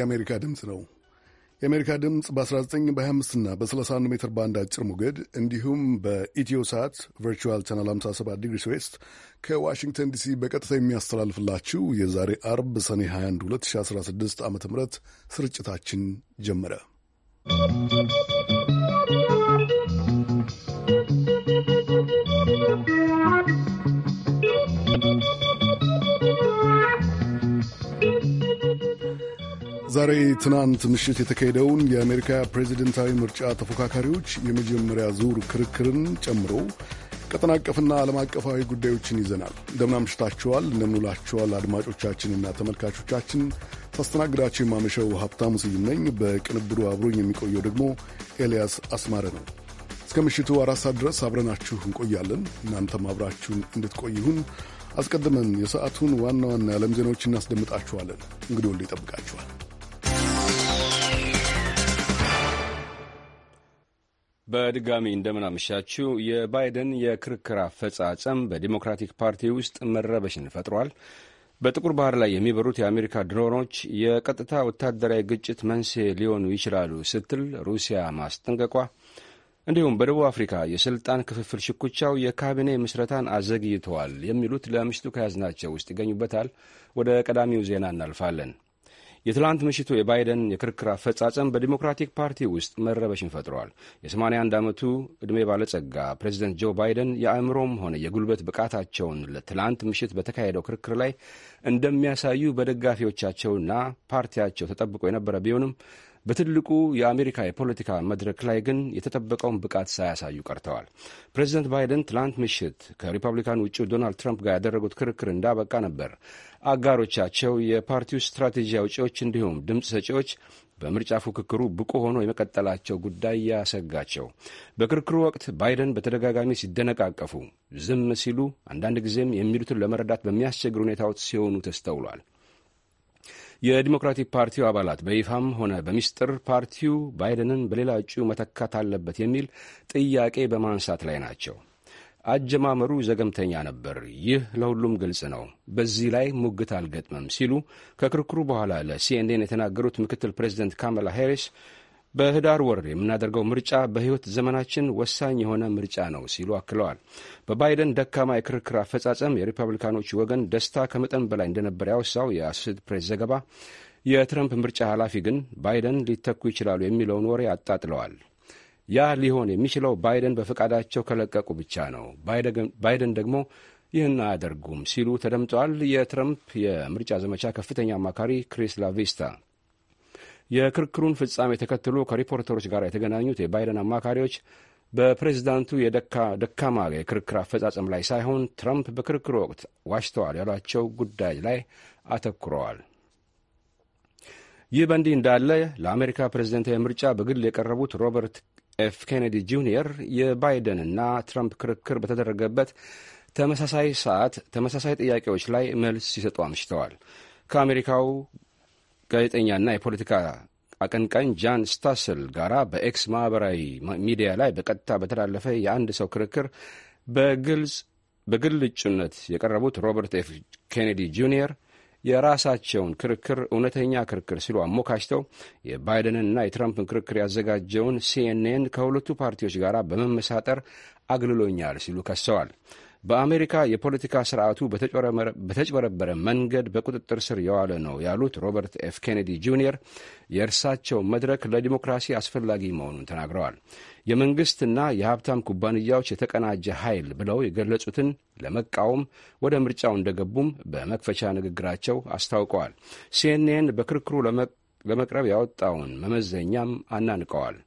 የአሜሪካ ድምፅ ነው። የአሜሪካ ድምፅ በ19 በ25ና በ31 ሜትር ባንድ አጭር ሞገድ እንዲሁም በኢትዮ ሰዓት ቨርቹዋል ቻናል 57 ዲግሪ ስዌስት ከዋሽንግተን ዲሲ በቀጥታ የሚያስተላልፍላችሁ የዛሬ አርብ ሰኔ 21 2016 ዓ ም ስርጭታችን ጀመረ። ዛሬ ትናንት ምሽት የተካሄደውን የአሜሪካ ፕሬዚደንታዊ ምርጫ ተፎካካሪዎች የመጀመሪያ ዙር ክርክርን ጨምሮ ቀጠና አቀፍና ዓለም አቀፋዊ ጉዳዮችን ይዘናል። እንደምናምሽታችኋል፣ እንደምንውላችኋል አድማጮቻችንና ተመልካቾቻችን ታስተናግዳቸው የማመሸው ሀብታሙ ስዩም ነኝ። በቅንብሩ አብሮኝ የሚቆየው ደግሞ ኤልያስ አስማረ ነው። እስከ ምሽቱ አራት ሰዓት ድረስ አብረናችሁ እንቆያለን። እናንተም አብራችሁን እንድትቆይሁን አስቀድመን የሰዓቱን ዋና ዋና የዓለም ዜናዎች እናስደምጣችኋለን። እንግዲህ ወልደ ይጠብቃችኋል። በድጋሚ እንደምናመሻችው የባይደን የክርክር አፈጻጸም በዲሞክራቲክ ፓርቲ ውስጥ መረበሽን ፈጥሯል። በጥቁር ባህር ላይ የሚበሩት የአሜሪካ ድሮኖች የቀጥታ ወታደራዊ ግጭት መንስኤ ሊሆኑ ይችላሉ ስትል ሩሲያ ማስጠንቀቋ፣ እንዲሁም በደቡብ አፍሪካ የስልጣን ክፍፍል ሽኩቻው የካቢኔ ምስረታን አዘግይተዋል የሚሉት ለምሽቱ ከያዝናቸው ውስጥ ይገኙበታል። ወደ ቀዳሚው ዜና እናልፋለን። የትላንት ምሽቱ የባይደን የክርክር አፈጻጸም በዲሞክራቲክ ፓርቲ ውስጥ መረበሽን ፈጥረዋል። የ81 ዓመቱ ዕድሜ ባለጸጋ ፕሬዚደንት ጆ ባይደን የአእምሮም ሆነ የጉልበት ብቃታቸውን ለትላንት ምሽት በተካሄደው ክርክር ላይ እንደሚያሳዩ በደጋፊዎቻቸውና ፓርቲያቸው ተጠብቆ የነበረ ቢሆንም በትልቁ የአሜሪካ የፖለቲካ መድረክ ላይ ግን የተጠበቀውን ብቃት ሳያሳዩ ቀርተዋል። ፕሬዚደንት ባይደን ትላንት ምሽት ከሪፐብሊካን ውጭ ዶናልድ ትራምፕ ጋር ያደረጉት ክርክር እንዳበቃ ነበር አጋሮቻቸው፣ የፓርቲው ስትራቴጂ አውጪዎች እንዲሁም ድምፅ ሰጪዎች በምርጫ ፉክክሩ ብቁ ሆኖ የመቀጠላቸው ጉዳይ ያሰጋቸው። በክርክሩ ወቅት ባይደን በተደጋጋሚ ሲደነቃቀፉ፣ ዝም ሲሉ፣ አንዳንድ ጊዜም የሚሉትን ለመረዳት በሚያስቸግር ሁኔታ ሲሆኑ ተስተውሏል። የዲሞክራቲክ ፓርቲው አባላት በይፋም ሆነ በሚስጥር ፓርቲው ባይደንን በሌላ እጩ መተካት አለበት የሚል ጥያቄ በማንሳት ላይ ናቸው። አጀማመሩ ዘገምተኛ ነበር። ይህ ለሁሉም ግልጽ ነው። በዚህ ላይ ሙግት አልገጥምም ሲሉ ከክርክሩ በኋላ ለሲኤንኤን የተናገሩት ምክትል ፕሬዚደንት ካማላ ሄሪስ በህዳር ወር የምናደርገው ምርጫ በሕይወት ዘመናችን ወሳኝ የሆነ ምርጫ ነው ሲሉ አክለዋል። በባይደን ደካማ የክርክር አፈጻጸም የሪፐብሊካኖች ወገን ደስታ ከመጠን በላይ እንደነበር ያወሳው የአሶሴትድ ፕሬስ ዘገባ የትረምፕ ምርጫ ኃላፊ ግን ባይደን ሊተኩ ይችላሉ የሚለውን ወሬ አጣጥለዋል። ያ ሊሆን የሚችለው ባይደን በፈቃዳቸው ከለቀቁ ብቻ ነው። ባይደን ደግሞ ይህን አያደርጉም ሲሉ ተደምጠዋል። የትረምፕ የምርጫ ዘመቻ ከፍተኛ አማካሪ ክሪስ ላቬስታ የክርክሩን ፍጻሜ ተከትሎ ከሪፖርተሮች ጋር የተገናኙት የባይደን አማካሪዎች በፕሬዝዳንቱ የደካማ የክርክር አፈጻጸም ላይ ሳይሆን ትራምፕ በክርክሩ ወቅት ዋሽተዋል ያሏቸው ጉዳይ ላይ አተኩረዋል። ይህ በእንዲህ እንዳለ ለአሜሪካ ፕሬዝደንታዊ ምርጫ በግል የቀረቡት ሮበርት ኤፍ ኬኔዲ ጁኒየር የባይደንና ትራምፕ ክርክር በተደረገበት ተመሳሳይ ሰዓት ተመሳሳይ ጥያቄዎች ላይ መልስ ሲሰጡ አምሽተዋል። ከአሜሪካው ጋዜጠኛና የፖለቲካ አቀንቃኝ ጃን ስታስል ጋራ በኤክስ ማህበራዊ ሚዲያ ላይ በቀጥታ በተላለፈ የአንድ ሰው ክርክር በግል እጩነት የቀረቡት ሮበርት ኤፍ ኬኔዲ ጁኒየር የራሳቸውን ክርክር እውነተኛ ክርክር ሲሉ አሞካሽተው የባይደንንና የትራምፕን ክርክር ያዘጋጀውን ሲኤንኤን ከሁለቱ ፓርቲዎች ጋር በመመሳጠር አግልሎኛል ሲሉ ከሰዋል። በአሜሪካ የፖለቲካ ስርዓቱ በተጭበረበረ መንገድ በቁጥጥር ስር የዋለ ነው ያሉት ሮበርት ኤፍ ኬኔዲ ጁኒየር የእርሳቸው መድረክ ለዲሞክራሲ አስፈላጊ መሆኑን ተናግረዋል። የመንግስትና የሀብታም ኩባንያዎች የተቀናጀ ኃይል ብለው የገለጹትን ለመቃወም ወደ ምርጫው እንደገቡም በመክፈቻ ንግግራቸው አስታውቀዋል። ሲኤንኤን በክርክሩ ለመቅረብ ያወጣውን መመዘኛም አናንቀዋል።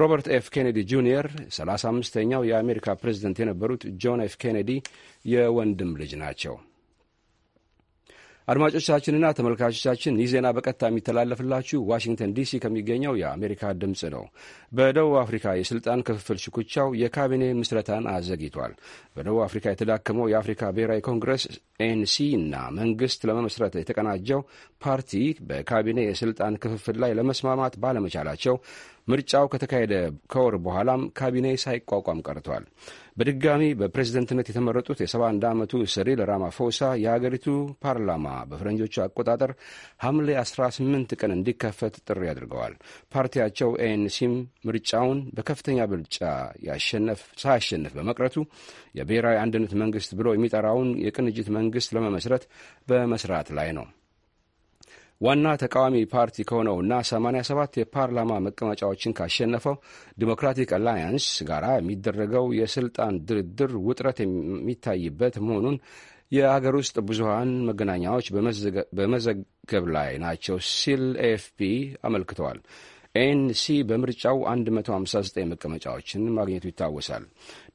ሮበርት ኤፍ ኬኔዲ ጁኒየር 35ኛው የአሜሪካ ፕሬዝደንት የነበሩት ጆን ኤፍ ኬኔዲ የወንድም ልጅ ናቸው። አድማጮቻችንና ተመልካቾቻችን ይህ ዜና በቀጥታ የሚተላለፍላችሁ ዋሽንግተን ዲሲ ከሚገኘው የአሜሪካ ድምፅ ነው። በደቡብ አፍሪካ የስልጣን ክፍፍል ሽኩቻው የካቢኔ ምስረታን አዘግይቷል። በደቡብ አፍሪካ የተዳከመው የአፍሪካ ብሔራዊ ኮንግረስ ኤንሲ እና መንግስት ለመመስረት የተቀናጀው ፓርቲ በካቢኔ የስልጣን ክፍፍል ላይ ለመስማማት ባለመቻላቸው ምርጫው ከተካሄደ ከወር በኋላም ካቢኔ ሳይቋቋም ቀርቷል። በድጋሚ በፕሬዝደንትነት የተመረጡት የ71 ዓመቱ ስሪል ራማፎሳ የአገሪቱ ፓርላማ በፈረንጆቹ አቆጣጠር ሐምሌ 18 ቀን እንዲከፈት ጥሪ አድርገዋል። ፓርቲያቸው ኤንሲም ምርጫውን በከፍተኛ ብልጫ ሳያሸንፍ በመቅረቱ የብሔራዊ አንድነት መንግስት ብሎ የሚጠራውን የቅንጅት መንግስት ለመመስረት በመስራት ላይ ነው። ዋና ተቃዋሚ ፓርቲ ከሆነውና 87 የፓርላማ መቀመጫዎችን ካሸነፈው ዲሞክራቲክ አላያንስ ጋር የሚደረገው የስልጣን ድርድር ውጥረት የሚታይበት መሆኑን የአገር ውስጥ ብዙሃን መገናኛዎች በመዘገብ ላይ ናቸው ሲል ኤኤፍፒ አመልክተዋል። ኤንሲ በምርጫው 159 መቀመጫዎችን ማግኘቱ ይታወሳል።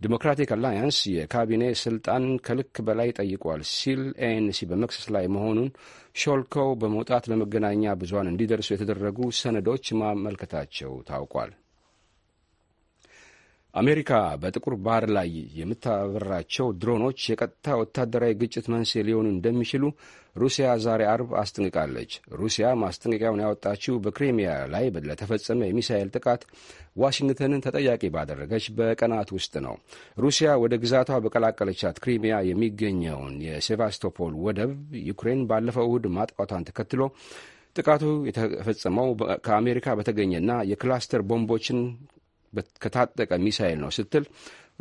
ዲሞክራቲክ አላያንስ የካቢኔ ስልጣን ከልክ በላይ ጠይቋል ሲል ኤንሲ በመክሰስ ላይ መሆኑን ሾልከው በመውጣት ለመገናኛ ብዙሃን እንዲደርሱ የተደረጉ ሰነዶች ማመልከታቸው ታውቋል። አሜሪካ በጥቁር ባህር ላይ የምታበራቸው ድሮኖች የቀጥታ ወታደራዊ ግጭት መንስኤ ሊሆኑ እንደሚችሉ ሩሲያ ዛሬ አርብ አስጠንቅቃለች። ሩሲያ ማስጠንቀቂያውን ያወጣችው በክሪሚያ ላይ ለተፈጸመ የሚሳኤል ጥቃት ዋሽንግተንን ተጠያቂ ባደረገች በቀናት ውስጥ ነው። ሩሲያ ወደ ግዛቷ በቀላቀለቻት ክሪሚያ የሚገኘውን የሴቫስቶፖል ወደብ ዩክሬን ባለፈው እሁድ ማጥቃቷን ተከትሎ ጥቃቱ የተፈጸመው ከአሜሪካ በተገኘና የክላስተር ቦምቦችን ከታጠቀ ሚሳኤል ነው ስትል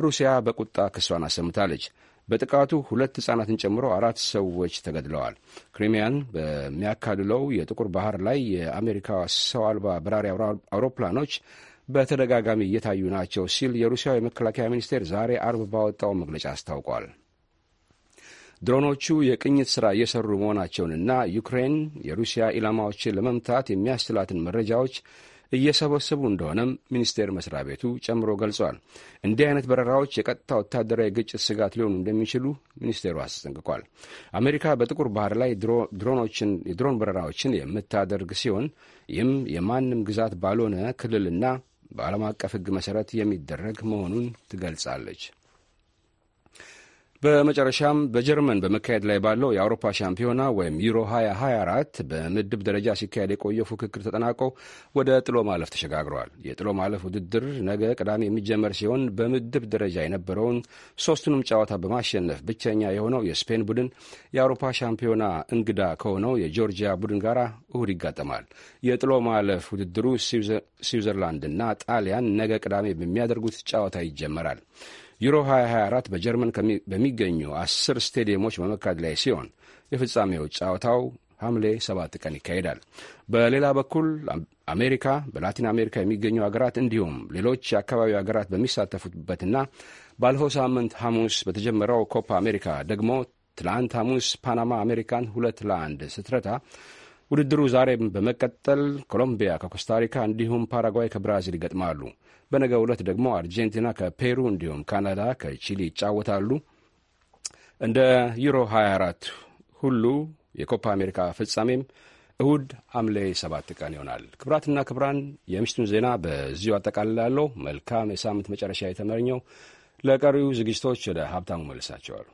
ሩሲያ በቁጣ ክሷን አሰምታለች። በጥቃቱ ሁለት ሕፃናትን ጨምሮ አራት ሰዎች ተገድለዋል። ክሪሚያን በሚያካልለው የጥቁር ባህር ላይ የአሜሪካ ሰው አልባ በራሪ አውሮፕላኖች በተደጋጋሚ እየታዩ ናቸው ሲል የሩሲያ የመከላከያ ሚኒስቴር ዛሬ አርብ ባወጣው መግለጫ አስታውቋል። ድሮኖቹ የቅኝት ሥራ እየሰሩ መሆናቸውንና ዩክሬን የሩሲያ ኢላማዎችን ለመምታት የሚያስችላትን መረጃዎች እየሰበሰቡ እንደሆነም ሚኒስቴር መስሪያ ቤቱ ጨምሮ ገልጿል። እንዲህ አይነት በረራዎች የቀጥታ ወታደራዊ ግጭት ስጋት ሊሆኑ እንደሚችሉ ሚኒስቴሩ አስጠንቅቋል። አሜሪካ በጥቁር ባህር ላይ የድሮን በረራዎችን የምታደርግ ሲሆን ይህም የማንም ግዛት ባልሆነ ክልልና በዓለም አቀፍ ሕግ መሠረት የሚደረግ መሆኑን ትገልጻለች። በመጨረሻም በጀርመን በመካሄድ ላይ ባለው የአውሮፓ ሻምፒዮና ወይም ዩሮ 2024 በምድብ ደረጃ ሲካሄድ የቆየው ፉክክር ተጠናቆ ወደ ጥሎ ማለፍ ተሸጋግሯል። የጥሎ ማለፍ ውድድር ነገ ቅዳሜ የሚጀመር ሲሆን በምድብ ደረጃ የነበረውን ሶስቱንም ጨዋታ በማሸነፍ ብቸኛ የሆነው የስፔን ቡድን የአውሮፓ ሻምፒዮና እንግዳ ከሆነው የጆርጂያ ቡድን ጋር እሁድ ይጋጠማል። የጥሎ ማለፍ ውድድሩ ስዊዘርላንድና ጣሊያን ነገ ቅዳሜ በሚያደርጉት ጨዋታ ይጀመራል። ዩሮ 2024 በጀርመን በሚገኙ አስር ስቴዲየሞች በመካሄድ ላይ ሲሆን የፍጻሜው ጨዋታው ሐምሌ 7 ቀን ይካሄዳል። በሌላ በኩል አሜሪካ፣ በላቲን አሜሪካ የሚገኙ ሀገራት እንዲሁም ሌሎች የአካባቢ ሀገራት በሚሳተፉበትና ባለፈው ሳምንት ሐሙስ በተጀመረው ኮፓ አሜሪካ ደግሞ ትላንት ሐሙስ ፓናማ አሜሪካን ሁለት ለአንድ ስትረታ ውድድሩ ዛሬም በመቀጠል ኮሎምቢያ ከኮስታሪካ እንዲሁም ፓራጓይ ከብራዚል ይገጥማሉ። በነገ ዕለት ደግሞ አርጀንቲና ከፔሩ እንዲሁም ካናዳ ከቺሊ ይጫወታሉ። እንደ ዩሮ 24 ሁሉ የኮፓ አሜሪካ ፍጻሜም እሁድ ሐምሌ ሰባት ቀን ይሆናል። ክብራትና ክብራን የምሽቱን ዜና በዚሁ አጠቃልላለሁ። መልካም የሳምንት መጨረሻ የተመኘው። ለቀሪው ዝግጅቶች ወደ ሀብታሙ መልሳቸዋል።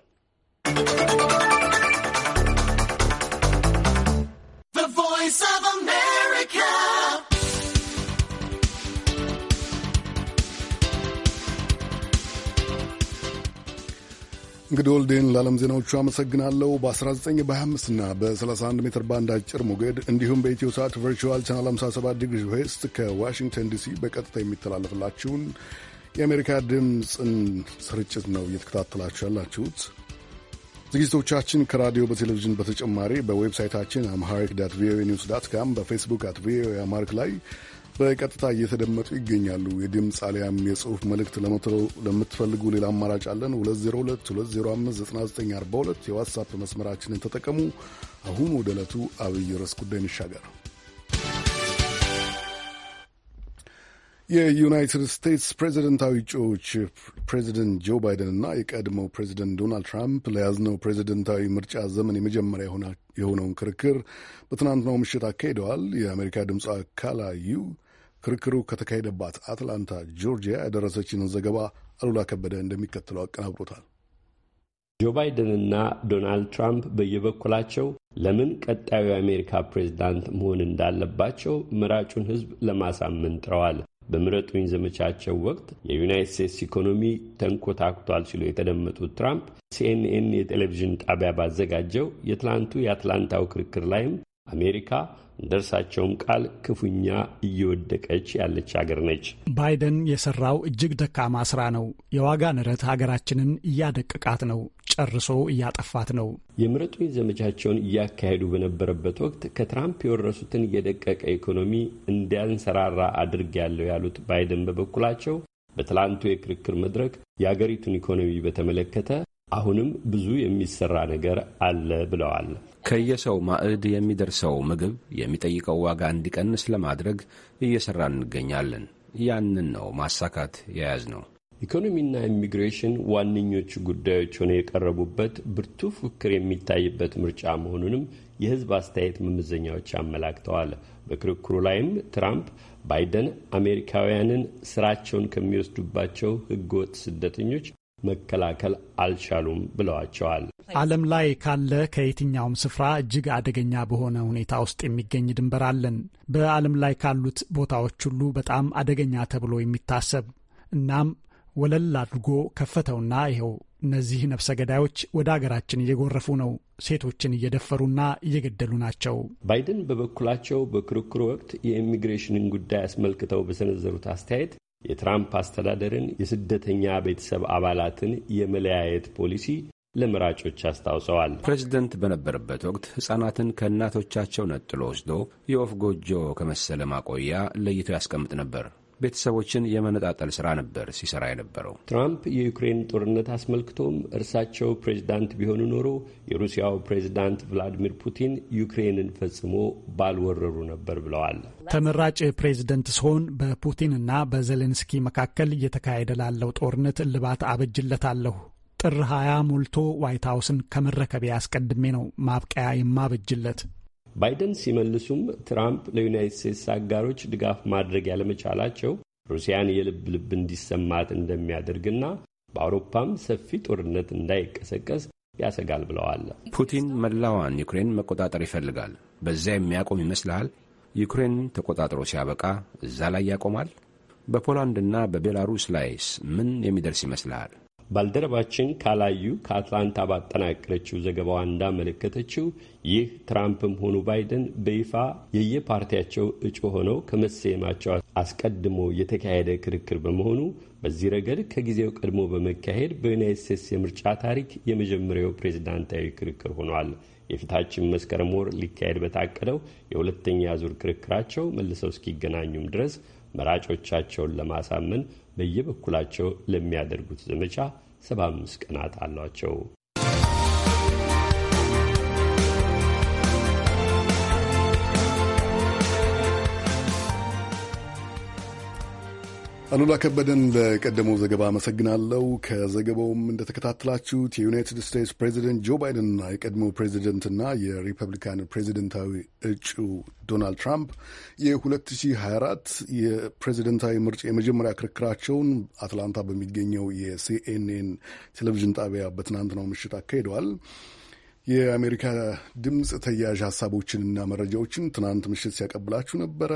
እንግዲህ ወልዴን ለዓለም ዜናዎቹ አመሰግናለሁ። በ19 በ25 እና በ31 ሜትር ባንድ አጭር ሞገድ እንዲሁም በኢትዮ ሳት ቨርቹዋል ቻናል 57 ዲግሪ ዌስት ከዋሽንግተን ዲሲ በቀጥታ የሚተላለፍላችሁን የአሜሪካ ድምፅን ስርጭት ነው እየተከታተላችሁ ያላችሁት። ዝግጅቶቻችን ከራዲዮ በቴሌቪዥን በተጨማሪ በዌብሳይታችን አምሃሪክ ዳት ቪኦኤ ኒውስ ዳት ካም በፌስቡክ አት ቪኦኤ አማሪክ ላይ በቀጥታ እየተደመጡ ይገኛሉ። የድምፅ አሊያም የጽሁፍ መልእክት ለምትፈልጉ ሌላ አማራጭ አለን። 2022059942 የዋትሳፕ መስመራችንን ተጠቀሙ። አሁን ወደ ዕለቱ አብይ ርዕስ ጉዳይ እንሻገር። የዩናይትድ ስቴትስ ፕሬዚደንታዊ እጩዎች ፕሬዚደንት ጆ ባይደን እና የቀድሞው ፕሬዚደንት ዶናልድ ትራምፕ ለያዝነው ፕሬዚደንታዊ ምርጫ ዘመን የመጀመሪያ የሆነውን ክርክር በትናንትናው ምሽት አካሂደዋል። የአሜሪካ ድምፅ ካላ ክርክሩ ከተካሄደባት አትላንታ ጆርጂያ የደረሰችንን ዘገባ አሉላ ከበደ እንደሚከተለው አቀናብሮታል። ጆ ባይደንና ዶናልድ ትራምፕ በየበኩላቸው ለምን ቀጣዩ የአሜሪካ ፕሬዝዳንት መሆን እንዳለባቸው መራጩን ሕዝብ ለማሳመን ጥረዋል። በምረጡኝ ዘመቻቸው ወቅት የዩናይት ስቴትስ ኢኮኖሚ ተንኮታኩቷል ሲሉ የተደመጡት ትራምፕ ሲኤንኤን የቴሌቪዥን ጣቢያ ባዘጋጀው የትላንቱ የአትላንታው ክርክር ላይም አሜሪካ እንደ እርሳቸውም ቃል ክፉኛ እየወደቀች ያለች ሀገር ነች። ባይደን የሰራው እጅግ ደካማ ስራ ነው። የዋጋ ንረት ሀገራችንን እያደቀቃት ነው፣ ጨርሶ እያጠፋት ነው። የምረጡኝ ዘመቻቸውን እያካሄዱ በነበረበት ወቅት ከትራምፕ የወረሱትን የደቀቀ ኢኮኖሚ እንዲያንሰራራ አድርግ ያለው ያሉት ባይደን በበኩላቸው በትላንቱ የክርክር መድረክ የአገሪቱን ኢኮኖሚ በተመለከተ አሁንም ብዙ የሚሰራ ነገር አለ ብለዋል። ከየሰው ማዕድ የሚደርሰው ምግብ የሚጠይቀው ዋጋ እንዲቀንስ ለማድረግ እየሰራ እንገኛለን። ያንን ነው ማሳካት የያዝ ነው። ኢኮኖሚና ኢሚግሬሽን ዋነኞቹ ጉዳዮች ሆነው የቀረቡበት ብርቱ ፉክክር የሚታይበት ምርጫ መሆኑንም የሕዝብ አስተያየት መመዘኛዎች አመላክተዋል። በክርክሩ ላይም ትራምፕ ባይደን አሜሪካውያንን ስራቸውን ከሚወስዱባቸው ሕገወጥ ስደተኞች መከላከል አልቻሉም ብለዋቸዋል። ዓለም ላይ ካለ ከየትኛውም ስፍራ እጅግ አደገኛ በሆነ ሁኔታ ውስጥ የሚገኝ ድንበር አለን። በዓለም ላይ ካሉት ቦታዎች ሁሉ በጣም አደገኛ ተብሎ የሚታሰብ እናም ወለል አድርጎ ከፈተውና ይኸው እነዚህ ነፍሰ ገዳዮች ወደ አገራችን እየጎረፉ ነው። ሴቶችን እየደፈሩና እየገደሉ ናቸው። ባይደን በበኩላቸው በክርክሩ ወቅት የኢሚግሬሽንን ጉዳይ አስመልክተው በሰነዘሩት አስተያየት የትራምፕ አስተዳደርን የስደተኛ ቤተሰብ አባላትን የመለያየት ፖሊሲ ለመራጮች አስታውሰዋል። ፕሬዝደንት በነበረበት ወቅት ሕፃናትን ከእናቶቻቸው ነጥሎ ወስዶ የወፍ ጎጆ ከመሰለ ማቆያ ለይቶ ያስቀምጥ ነበር። ቤተሰቦችን የመነጣጠል ስራ ነበር ሲሰራ የነበረው። ትራምፕ የዩክሬን ጦርነት አስመልክቶም እርሳቸው ፕሬዚዳንት ቢሆኑ ኖሮ የሩሲያው ፕሬዚዳንት ቭላዲሚር ፑቲን ዩክሬንን ፈጽሞ ባልወረሩ ነበር ብለዋል። ተመራጭ ፕሬዚደንት ስሆን በፑቲንና በዘሌንስኪ መካከል እየተካሄደ ላለው ጦርነት እልባት አበጅለታለሁ። ጥር 20 ሞልቶ ዋይት ሀውስን ከመረከቤ አስቀድሜ ነው ማብቂያ የማበጅለት ባይደን ሲመልሱም ትራምፕ ለዩናይት ስቴትስ አጋሮች ድጋፍ ማድረግ ያለመቻላቸው ሩሲያን የልብ ልብ እንዲሰማት እንደሚያደርግና በአውሮፓም ሰፊ ጦርነት እንዳይቀሰቀስ ያሰጋል ብለዋል። ፑቲን መላዋን ዩክሬን መቆጣጠር ይፈልጋል። በዚያ የሚያቆም ይመስልሃል? ዩክሬን ተቆጣጥሮ ሲያበቃ እዛ ላይ ያቆማል? በፖላንድና በቤላሩስ ላይስ ምን የሚደርስ ይመስልሃል? ባልደረባችን ካላዩ ከአትላንታ ባጠናቀረችው ዘገባዋ እንዳመለከተችው ይህ ትራምፕም ሆኑ ባይደን በይፋ የየፓርቲያቸው እጩ ሆነው ከመሰየማቸው አስቀድሞ የተካሄደ ክርክር በመሆኑ በዚህ ረገድ ከጊዜው ቀድሞ በመካሄድ በዩናይት ስቴትስ የምርጫ ታሪክ የመጀመሪያው ፕሬዝዳንታዊ ክርክር ሆኗል። የፊታችን መስከረም ወር ሊካሄድ በታቀደው የሁለተኛ ዙር ክርክራቸው መልሰው እስኪገናኙም ድረስ መራጮቻቸውን ለማሳመን በየበኩላቸው ለሚያደርጉት ዘመቻ 75 ቀናት አሏቸው። አሉላ ከበደን ለቀደመው ዘገባ አመሰግናለሁ። ከዘገባውም እንደተከታተላችሁት የዩናይትድ ስቴትስ ፕሬዚደንት ጆ ባይደንና የቀድሞው ፕሬዚደንትና የሪፐብሊካን ፕሬዚደንታዊ እጩ ዶናልድ ትራምፕ የ2024 የፕሬዚደንታዊ ምርጫ የመጀመሪያ ክርክራቸውን አትላንታ በሚገኘው የሲኤንኤን ቴሌቪዥን ጣቢያ በትናንትናው ምሽት አካሂደዋል። የአሜሪካ ድምፅ ተያያዥ ሀሳቦችንና መረጃዎችን ትናንት ምሽት ሲያቀብላችሁ ነበረ።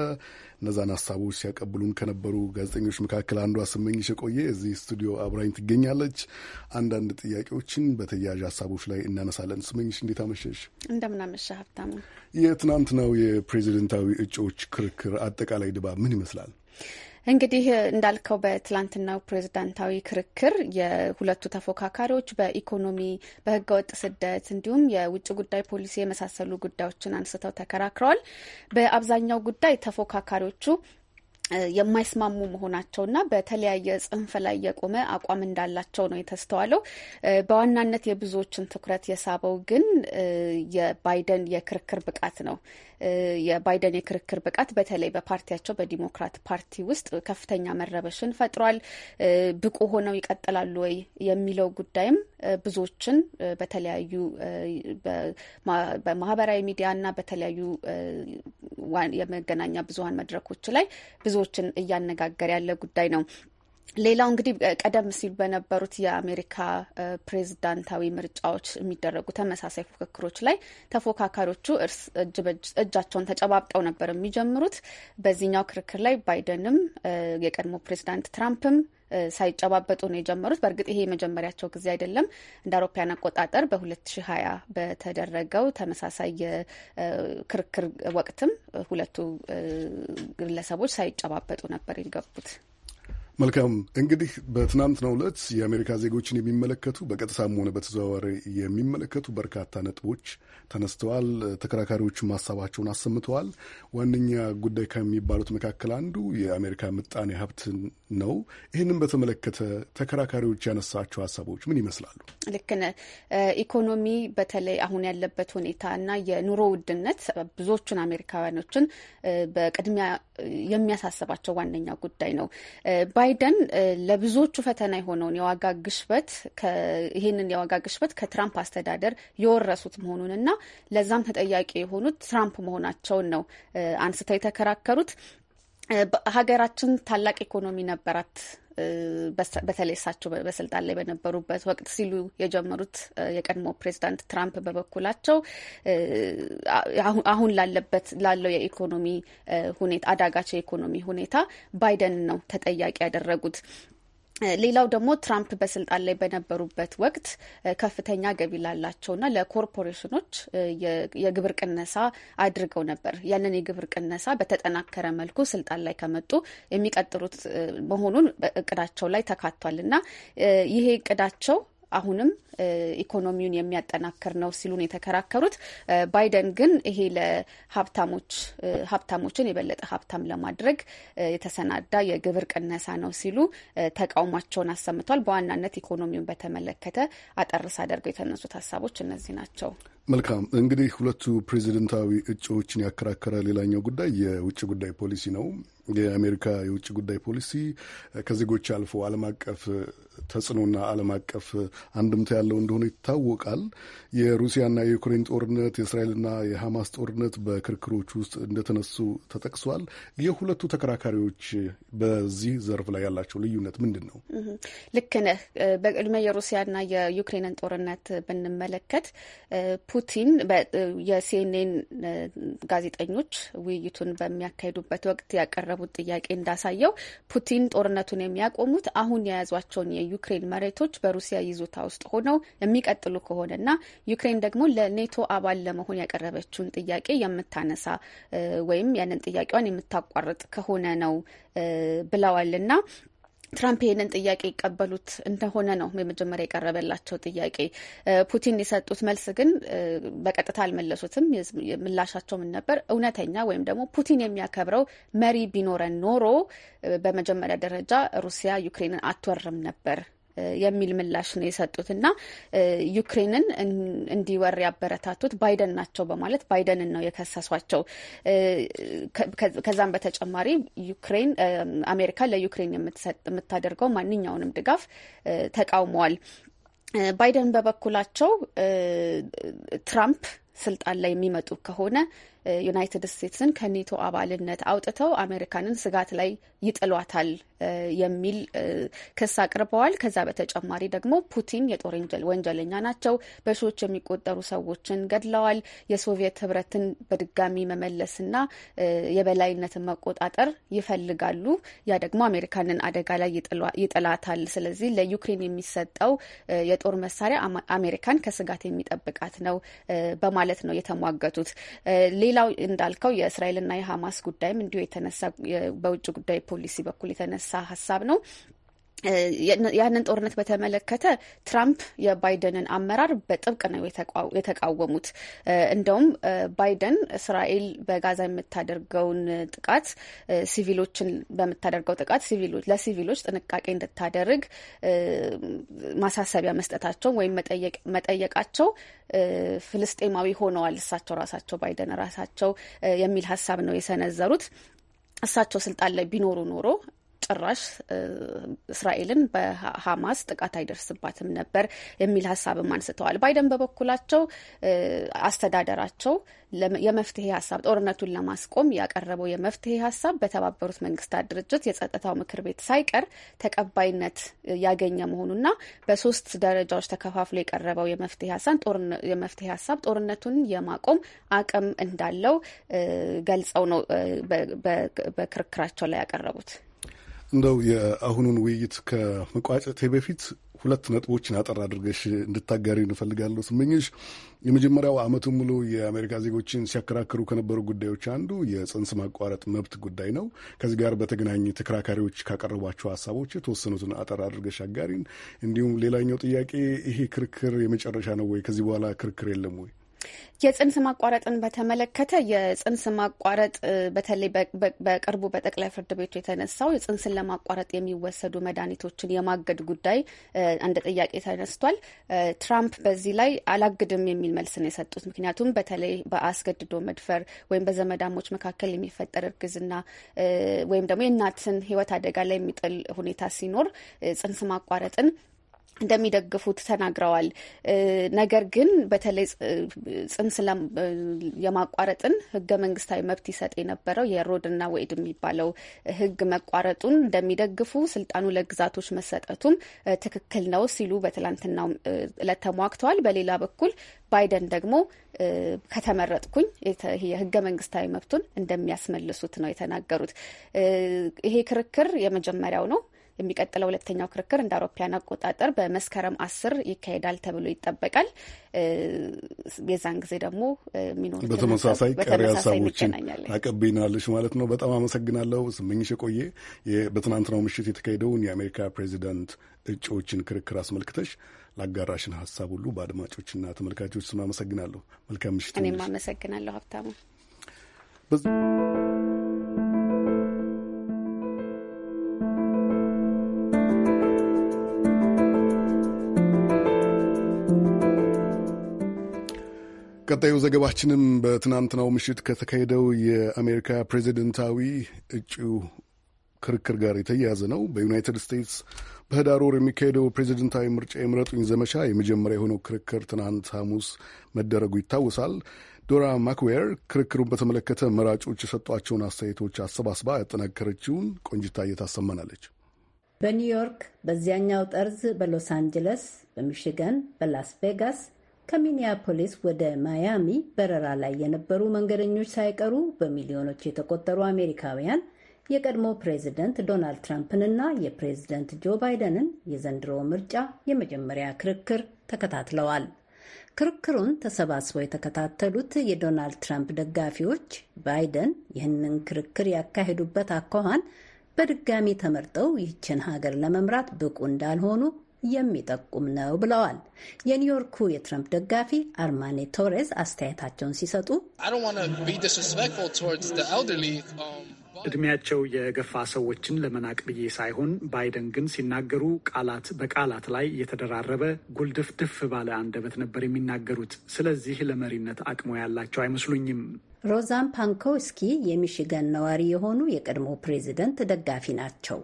እነዛን ሀሳቦች ሲያቀብሉን ከነበሩ ጋዜጠኞች መካከል አንዷ ስመኝሽ የቆየ እዚህ ስቱዲዮ አብራኝ ትገኛለች። አንዳንድ ጥያቄዎችን በተያያዥ ሀሳቦች ላይ እናነሳለን። ስመኝሽ እንዴት አመሸሽ? እንደምናመሸ ሀብታሙ። የትናንትናው የፕሬዚደንታዊ እጩዎች ክርክር አጠቃላይ ድባብ ምን ይመስላል? እንግዲህ እንዳልከው በትላንትናው ፕሬዝዳንታዊ ክርክር የሁለቱ ተፎካካሪዎች በኢኮኖሚ በህገወጥ ስደት እንዲሁም የውጭ ጉዳይ ፖሊሲ የመሳሰሉ ጉዳዮችን አንስተው ተከራክረዋል። በአብዛኛው ጉዳይ ተፎካካሪዎቹ የማይስማሙ መሆናቸውና በተለያየ ጽንፍ ላይ የቆመ አቋም እንዳላቸው ነው የተስተዋለው። በዋናነት የብዙዎችን ትኩረት የሳበው ግን የባይደን የክርክር ብቃት ነው። የባይደን የክርክር ብቃት በተለይ በፓርቲያቸው በዲሞክራት ፓርቲ ውስጥ ከፍተኛ መረበሽን ፈጥሯል። ብቁ ሆነው ይቀጥላሉ ወይ የሚለው ጉዳይም ብዙዎችን በተለያዩ በማህበራዊ ሚዲያና በተለያዩ የመገናኛ ብዙሀን መድረኮች ላይ ብዙ ብዙዎችን እያነጋገረ ያለ ጉዳይ ነው። ሌላው እንግዲህ ቀደም ሲል በነበሩት የአሜሪካ ፕሬዝዳንታዊ ምርጫዎች የሚደረጉ ተመሳሳይ ፉክክሮች ላይ ተፎካካሪዎቹ እርስ እጃቸውን ተጨባብጠው ነበር የሚጀምሩት። በዚህኛው ክርክር ላይ ባይደንም የቀድሞ ፕሬዝዳንት ትራምፕም ሳይጨባበጡ ነው የጀመሩት። በእርግጥ ይሄ የመጀመሪያቸው ጊዜ አይደለም። እንደ አውሮፓያን አቆጣጠር በ2020 በተደረገው ተመሳሳይ የክርክር ወቅትም ሁለቱ ግለሰቦች ሳይጨባበጡ ነበር የገቡት። መልካም እንግዲህ በትናንትናው ዕለት የአሜሪካ ዜጎችን የሚመለከቱ በቀጥታም ሆነ በተዘዋዋሪ የሚመለከቱ በርካታ ነጥቦች ተነስተዋል። ተከራካሪዎች ሀሳባቸውን አሰምተዋል። ዋነኛ ጉዳይ ከሚባሉት መካከል አንዱ የአሜሪካ ምጣኔ ሀብት ነው። ይህንም በተመለከተ ተከራካሪዎች ያነሳቸው ሀሳቦች ምን ይመስላሉ? ልክ ነህ። ኢኮኖሚ በተለይ አሁን ያለበት ሁኔታ እና የኑሮ ውድነት ብዙዎቹን አሜሪካውያኖችን በቅድሚያ የሚያሳስባቸው ዋነኛ ጉዳይ ነው። ባይደን ለብዙዎቹ ፈተና የሆነውን የዋጋ ግሽበት ይህንን የዋጋ ግሽበት ከትራምፕ አስተዳደር የወረሱት መሆኑንና ለዛም ተጠያቂ የሆኑት ትራምፕ መሆናቸውን ነው አንስተው የተከራከሩት። ሀገራችን ታላቅ ኢኮኖሚ ነበራት በተለይ እሳቸው በስልጣን ላይ በነበሩበት ወቅት ሲሉ የጀመሩት የቀድሞ ፕሬዚዳንት ትራምፕ በበኩላቸው አሁን ላለበት ላለው የኢኮኖሚ ሁኔታ አዳጋች የኢኮኖሚ ሁኔታ ባይደን ነው ተጠያቂ ያደረጉት። ሌላው ደግሞ ትራምፕ በስልጣን ላይ በነበሩበት ወቅት ከፍተኛ ገቢ ላላቸውና ለኮርፖሬሽኖች የግብር ቅነሳ አድርገው ነበር። ያንን የግብር ቅነሳ በተጠናከረ መልኩ ስልጣን ላይ ከመጡ የሚቀጥሩት መሆኑን እቅዳቸው ላይ ተካቷል እና ይሄ እቅዳቸው አሁንም ኢኮኖሚውን የሚያጠናክር ነው ሲሉ የተከራከሩት። ባይደን ግን ይሄ ለሀብታሞች ሀብታሞችን የበለጠ ሀብታም ለማድረግ የተሰናዳ የግብር ቅነሳ ነው ሲሉ ተቃውሟቸውን አሰምቷል። በዋናነት ኢኮኖሚውን በተመለከተ አጠርስ አደርገው የተነሱት ሀሳቦች እነዚህ ናቸው። መልካም እንግዲህ ሁለቱ ፕሬዚደንታዊ እጩዎችን ያከራከረ ሌላኛው ጉዳይ የውጭ ጉዳይ ፖሊሲ ነው። የአሜሪካ የውጭ ጉዳይ ፖሊሲ ከዜጎች አልፎ ዓለም አቀፍ ተጽዕኖና ዓለም አቀፍ አንድምታ ያለው እንደሆነ ይታወቃል። የሩሲያና የዩክሬን ጦርነት፣ የእስራኤልና የሐማስ ጦርነት በክርክሮች ውስጥ እንደተነሱ ተጠቅሷል። የሁለቱ ተከራካሪዎች በዚህ ዘርፍ ላይ ያላቸው ልዩነት ምንድን ነው? ልክ ነህ። በቅድመ የሩሲያና የዩክሬንን ጦርነት ብንመለከት ፑቲን የሲኤንኤን ጋዜጠኞች ውይይቱን በሚያካሂዱበት ወቅት ያቀረቡት ጥያቄ እንዳሳየው ፑቲን ጦርነቱን የሚያቆሙት አሁን የያዟቸውን የዩክሬን መሬቶች በሩሲያ ይዞታ ውስጥ ሆነው የሚቀጥሉ ከሆነና ዩክሬን ደግሞ ለኔቶ አባል ለመሆን ያቀረበችውን ጥያቄ የምታነሳ ወይም ያንን ጥያቄዋን የምታቋርጥ ከሆነ ነው ብለዋልና ትራምፕ ይህንን ጥያቄ ይቀበሉት እንደሆነ ነው የመጀመሪያ የቀረበላቸው ጥያቄ። ፑቲን የሰጡት መልስ ግን በቀጥታ አልመለሱትም። ምላሻቸው ምን ነበር? እውነተኛ ወይም ደግሞ ፑቲን የሚያከብረው መሪ ቢኖረን ኖሮ በመጀመሪያ ደረጃ ሩሲያ ዩክሬንን አትወርም ነበር የሚል ምላሽ ነው የሰጡት እና ዩክሬንን እንዲወር ያበረታቱት ባይደን ናቸው በማለት ባይደንን ነው የከሰሷቸው። ከዛም በተጨማሪ ዩክሬን አሜሪካ ለዩክሬን የምታደርገው ማንኛውንም ድጋፍ ተቃውመዋል። ባይደን በበኩላቸው ትራምፕ ስልጣን ላይ የሚመጡ ከሆነ ዩናይትድ ስቴትስን ከኔቶ አባልነት አውጥተው አሜሪካንን ስጋት ላይ ይጥሏታል የሚል ክስ አቅርበዋል። ከዛ በተጨማሪ ደግሞ ፑቲን የጦር ወንጀለኛ ናቸው፣ በሺዎች የሚቆጠሩ ሰዎችን ገድለዋል፣ የሶቪየት ህብረትን በድጋሚ መመለስና የበላይነትን መቆጣጠር ይፈልጋሉ። ያ ደግሞ አሜሪካንን አደጋ ላይ ይጥላታል። ስለዚህ ለዩክሬን የሚሰጠው የጦር መሳሪያ አሜሪካን ከስጋት የሚጠብቃት ነው በማለት ማለት ነው የተሟገቱት። ሌላው እንዳልከው የእስራኤልና የሀማስ ጉዳይም እንዲሁ የተነሳ በውጭ ጉዳይ ፖሊሲ በኩል የተነሳ ሀሳብ ነው። ያንን ጦርነት በተመለከተ ትራምፕ የባይደንን አመራር በጥብቅ ነው የተቃወሙት። እንደውም ባይደን እስራኤል በጋዛ የምታደርገውን ጥቃት ሲቪሎችን በምታደርገው ጥቃት ለሲቪሎች ጥንቃቄ እንድታደርግ ማሳሰቢያ መስጠታቸውን ወይም መጠየቃቸው ፍልስጤማዊ ሆነዋል እሳቸው ራሳቸው ባይደን ራሳቸው የሚል ሀሳብ ነው የሰነዘሩት። እሳቸው ስልጣን ላይ ቢኖሩ ኖሮ ጭራሽ እስራኤልን በሀማስ ጥቃት አይደርስባትም ነበር የሚል ሀሳብም አንስተዋል። ባይደን በበኩላቸው አስተዳደራቸው የመፍትሄ ሀሳብ ጦርነቱን ለማስቆም ያቀረበው የመፍትሄ ሀሳብ በተባበሩት መንግስታት ድርጅት የጸጥታው ምክር ቤት ሳይቀር ተቀባይነት ያገኘ መሆኑና በሶስት ደረጃዎች ተከፋፍሎ የቀረበው የመፍትሄ ሀሳብ ጦርነቱን የማቆም አቅም እንዳለው ገልጸው ነው በክርክራቸው ላይ ያቀረቡት። እንደው የአሁኑን ውይይት ከመቋጨቴ በፊት ሁለት ነጥቦችን አጠር አድርገሽ እንድታጋሪ እንፈልጋለሁ ስመኝሽ። የመጀመሪያው ዓመቱን ሙሉ የአሜሪካ ዜጎችን ሲያከራክሩ ከነበሩ ጉዳዮች አንዱ የጽንስ ማቋረጥ መብት ጉዳይ ነው። ከዚህ ጋር በተገናኘ ተከራካሪዎች ካቀረቧቸው ሀሳቦች የተወሰኑትን አጠር አድርገሽ አጋሪን። እንዲሁም ሌላኛው ጥያቄ ይሄ ክርክር የመጨረሻ ነው ወይ? ከዚህ በኋላ ክርክር የለም ወይ? የጽንስ ማቋረጥን በተመለከተ የጽንስ ማቋረጥ በተለይ በቅርቡ በጠቅላይ ፍርድ ቤቱ የተነሳው የጽንስን ለማቋረጥ የሚወሰዱ መድኃኒቶችን የማገድ ጉዳይ እንደ ጥያቄ ተነስቷል። ትራምፕ በዚህ ላይ አላግድም የሚል መልስ ነው የሰጡት። ምክንያቱም በተለይ በአስገድዶ መድፈር ወይም በዘመዳሞች መካከል የሚፈጠር እርግዝና ወይም ደግሞ የእናትን ሕይወት አደጋ ላይ የሚጥል ሁኔታ ሲኖር ጽንስ ማቋረጥን እንደሚደግፉት ተናግረዋል። ነገር ግን በተለይ ጽንስ የማቋረጥን ህገ መንግስታዊ መብት ይሰጥ የነበረው የሮድና ወይድ የሚባለው ህግ መቋረጡን እንደሚደግፉ፣ ስልጣኑ ለግዛቶች መሰጠቱም ትክክል ነው ሲሉ በትላንትናው እለት ተሟግተዋል። በሌላ በኩል ባይደን ደግሞ ከተመረጥኩኝ የህገ መንግስታዊ መብቱን እንደሚያስመልሱት ነው የተናገሩት። ይሄ ክርክር የመጀመሪያው ነው። የሚቀጥለው ሁለተኛው ክርክር እንደ አውሮፓያን አቆጣጠር በመስከረም አስር ይካሄዳል ተብሎ ይጠበቃል። የዛን ጊዜ ደግሞ የሚኖሩ በተመሳሳይ ቀሪ ሀሳቦችን አቀብናለች ማለት ነው። በጣም አመሰግናለሁ ስመኝሽ የቆየ በትናንትናው ምሽት የተካሄደውን የአሜሪካ ፕሬዚዳንት እጩዎችን ክርክር አስመልክተሽ ለአጋራሽን ሀሳብ ሁሉ በአድማጮችና ተመልካቾች ስም አመሰግናለሁ። መልካም ምሽት። እኔም አመሰግናለሁ ሀብታሙ። ቀጣዩ ዘገባችንም በትናንትናው ምሽት ከተካሄደው የአሜሪካ ፕሬዚደንታዊ እጩ ክርክር ጋር የተያያዘ ነው። በዩናይትድ ስቴትስ በህዳር ወር የሚካሄደው ፕሬዚደንታዊ ምርጫ የምረጡኝ ዘመቻ የመጀመሪያ የሆነው ክርክር ትናንት ሐሙስ መደረጉ ይታወሳል። ዶራ ማክዌር ክርክሩን በተመለከተ መራጮች የሰጧቸውን አስተያየቶች አሰባስባ ያጠናከረችውን ቆንጅታ ታሰማናለች። በኒውዮርክ፣ በዚያኛው ጠርዝ በሎስ አንጀለስ፣ በሚሽገን፣ በላስ ቬጋስ ከሚኒያፖሊስ ወደ ማያሚ በረራ ላይ የነበሩ መንገደኞች ሳይቀሩ በሚሊዮኖች የተቆጠሩ አሜሪካውያን የቀድሞ ፕሬዚደንት ዶናልድ ትራምፕንና የፕሬዚደንት ጆ ባይደንን የዘንድሮ ምርጫ የመጀመሪያ ክርክር ተከታትለዋል። ክርክሩን ተሰባስበው የተከታተሉት የዶናልድ ትራምፕ ደጋፊዎች ባይደን ይህንን ክርክር ያካሄዱበት አኳኋን በድጋሚ ተመርጠው ይህችን ሀገር ለመምራት ብቁ እንዳልሆኑ የሚጠቁም ነው ብለዋል። የኒውዮርኩ የትረምፕ ደጋፊ አርማኔ ቶሬዝ አስተያየታቸውን ሲሰጡ um, እድሜያቸው የገፋ ሰዎችን ለመናቅ ብዬ ሳይሆን ባይደን ግን ሲናገሩ ቃላት በቃላት ላይ የተደራረበ ጉልድፍድፍ ባለ አንደበት ነበር የሚናገሩት። ስለዚህ ለመሪነት አቅሞ ያላቸው አይመስሉኝም። ሮዛን ፓንኮውስኪ የሚሽገን ነዋሪ የሆኑ የቀድሞ ፕሬዚደንት ደጋፊ ናቸው።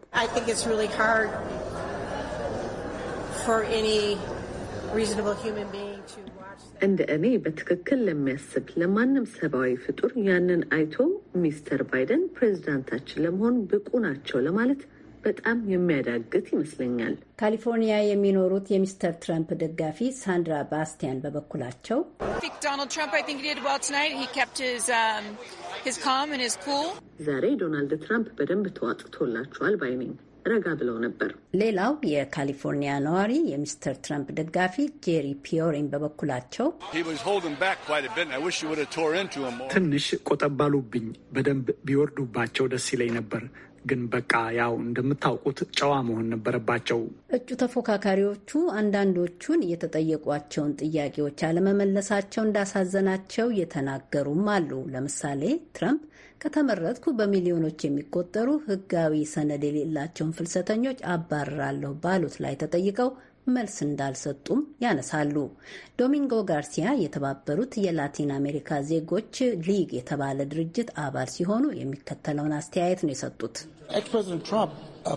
እንደ እኔ በትክክል ለሚያስብ ለማንም ሰብአዊ ፍጡር ያንን አይቶ ሚስተር ባይደን ፕሬዚዳንታችን ለመሆን ብቁ ናቸው ለማለት በጣም የሚያዳግት ይመስለኛል። ካሊፎርኒያ የሚኖሩት የሚስተር ትራምፕ ደጋፊ ሳንድራ ባስቲያን በበኩላቸው ዛሬ ዶናልድ ትራምፕ በደንብ ተዋጥቶላቸዋል ባይ ነኝ። ረጋ ብለው ነበር። ሌላው የካሊፎርኒያ ነዋሪ የሚስተር ትራምፕ ደጋፊ ጄሪ ፒዮሪን በበኩላቸው ትንሽ ቆጠባሉብኝ በደንብ ቢወርዱባቸው ደስ ይለኝ ነበር ግን በቃ ያው እንደምታውቁት ጨዋ መሆን ነበረባቸው። እጩ ተፎካካሪዎቹ አንዳንዶቹን የተጠየቋቸውን ጥያቄዎች አለመመለሳቸው እንዳሳዘናቸው የተናገሩም አሉ። ለምሳሌ ትራምፕ ከተመረጥኩ በሚሊዮኖች የሚቆጠሩ ህጋዊ ሰነድ የሌላቸውን ፍልሰተኞች አባርራለሁ ባሉት ላይ ተጠይቀው መልስ እንዳልሰጡም ያነሳሉ። ዶሚንጎ ጋርሲያ የተባበሩት የላቲን አሜሪካ ዜጎች ሊግ የተባለ ድርጅት አባል ሲሆኑ የሚከተለውን አስተያየት ነው የሰጡት። Uh,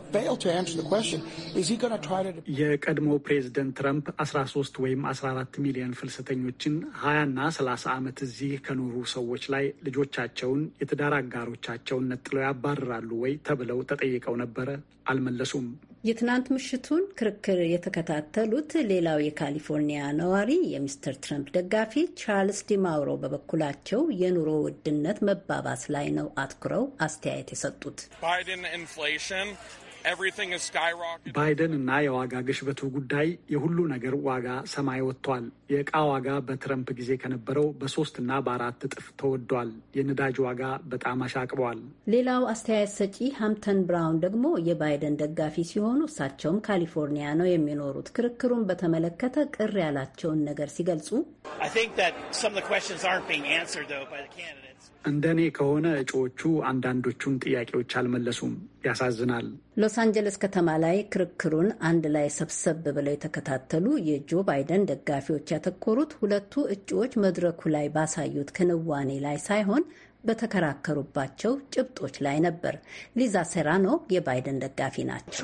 የቀድሞ ፕሬዝደንት ትራምፕ 13 ወይም 14 ሚሊዮን ፍልሰተኞችን 20ና 30 ዓመት እዚህ ከኖሩ ሰዎች ላይ ልጆቻቸውን፣ የትዳር አጋሮቻቸውን ነጥለው ያባርራሉ ወይ ተብለው ተጠይቀው ነበረ። አልመለሱም። የትናንት ምሽቱን ክርክር የተከታተሉት ሌላው የካሊፎርኒያ ነዋሪ የሚስተር ትረምፕ ደጋፊ ቻርልስ ዲማውሮ በበኩላቸው የኑሮ ውድነት መባባስ ላይ ነው አትኩረው አስተያየት የሰጡት ባይደን እና የዋጋ ግሽበቱ ጉዳይ የሁሉ ነገር ዋጋ ሰማይ ወጥቷል። የእቃ ዋጋ በትረምፕ ጊዜ ከነበረው በሶስት እና በአራት እጥፍ ተወዷል። የነዳጅ ዋጋ በጣም አሻቅበዋል። ሌላው አስተያየት ሰጪ ሃምተን ብራውን ደግሞ የባይደን ደጋፊ ሲሆኑ እሳቸውም ካሊፎርኒያ ነው የሚኖሩት። ክርክሩን በተመለከተ ቅር ያላቸውን ነገር ሲገልጹ እንደኔ ከሆነ እጩዎቹ አንዳንዶቹን ጥያቄዎች አልመለሱም። ያሳዝናል። ሎስ አንጀለስ ከተማ ላይ ክርክሩን አንድ ላይ ሰብሰብ ብለው የተከታተሉ የጆ ባይደን ደጋፊዎች ያተኮሩት ሁለቱ እጩዎች መድረኩ ላይ ባሳዩት ክንዋኔ ላይ ሳይሆን በተከራከሩባቸው ጭብጦች ላይ ነበር። ሊዛ ሴራኖ የባይደን ደጋፊ ናቸው።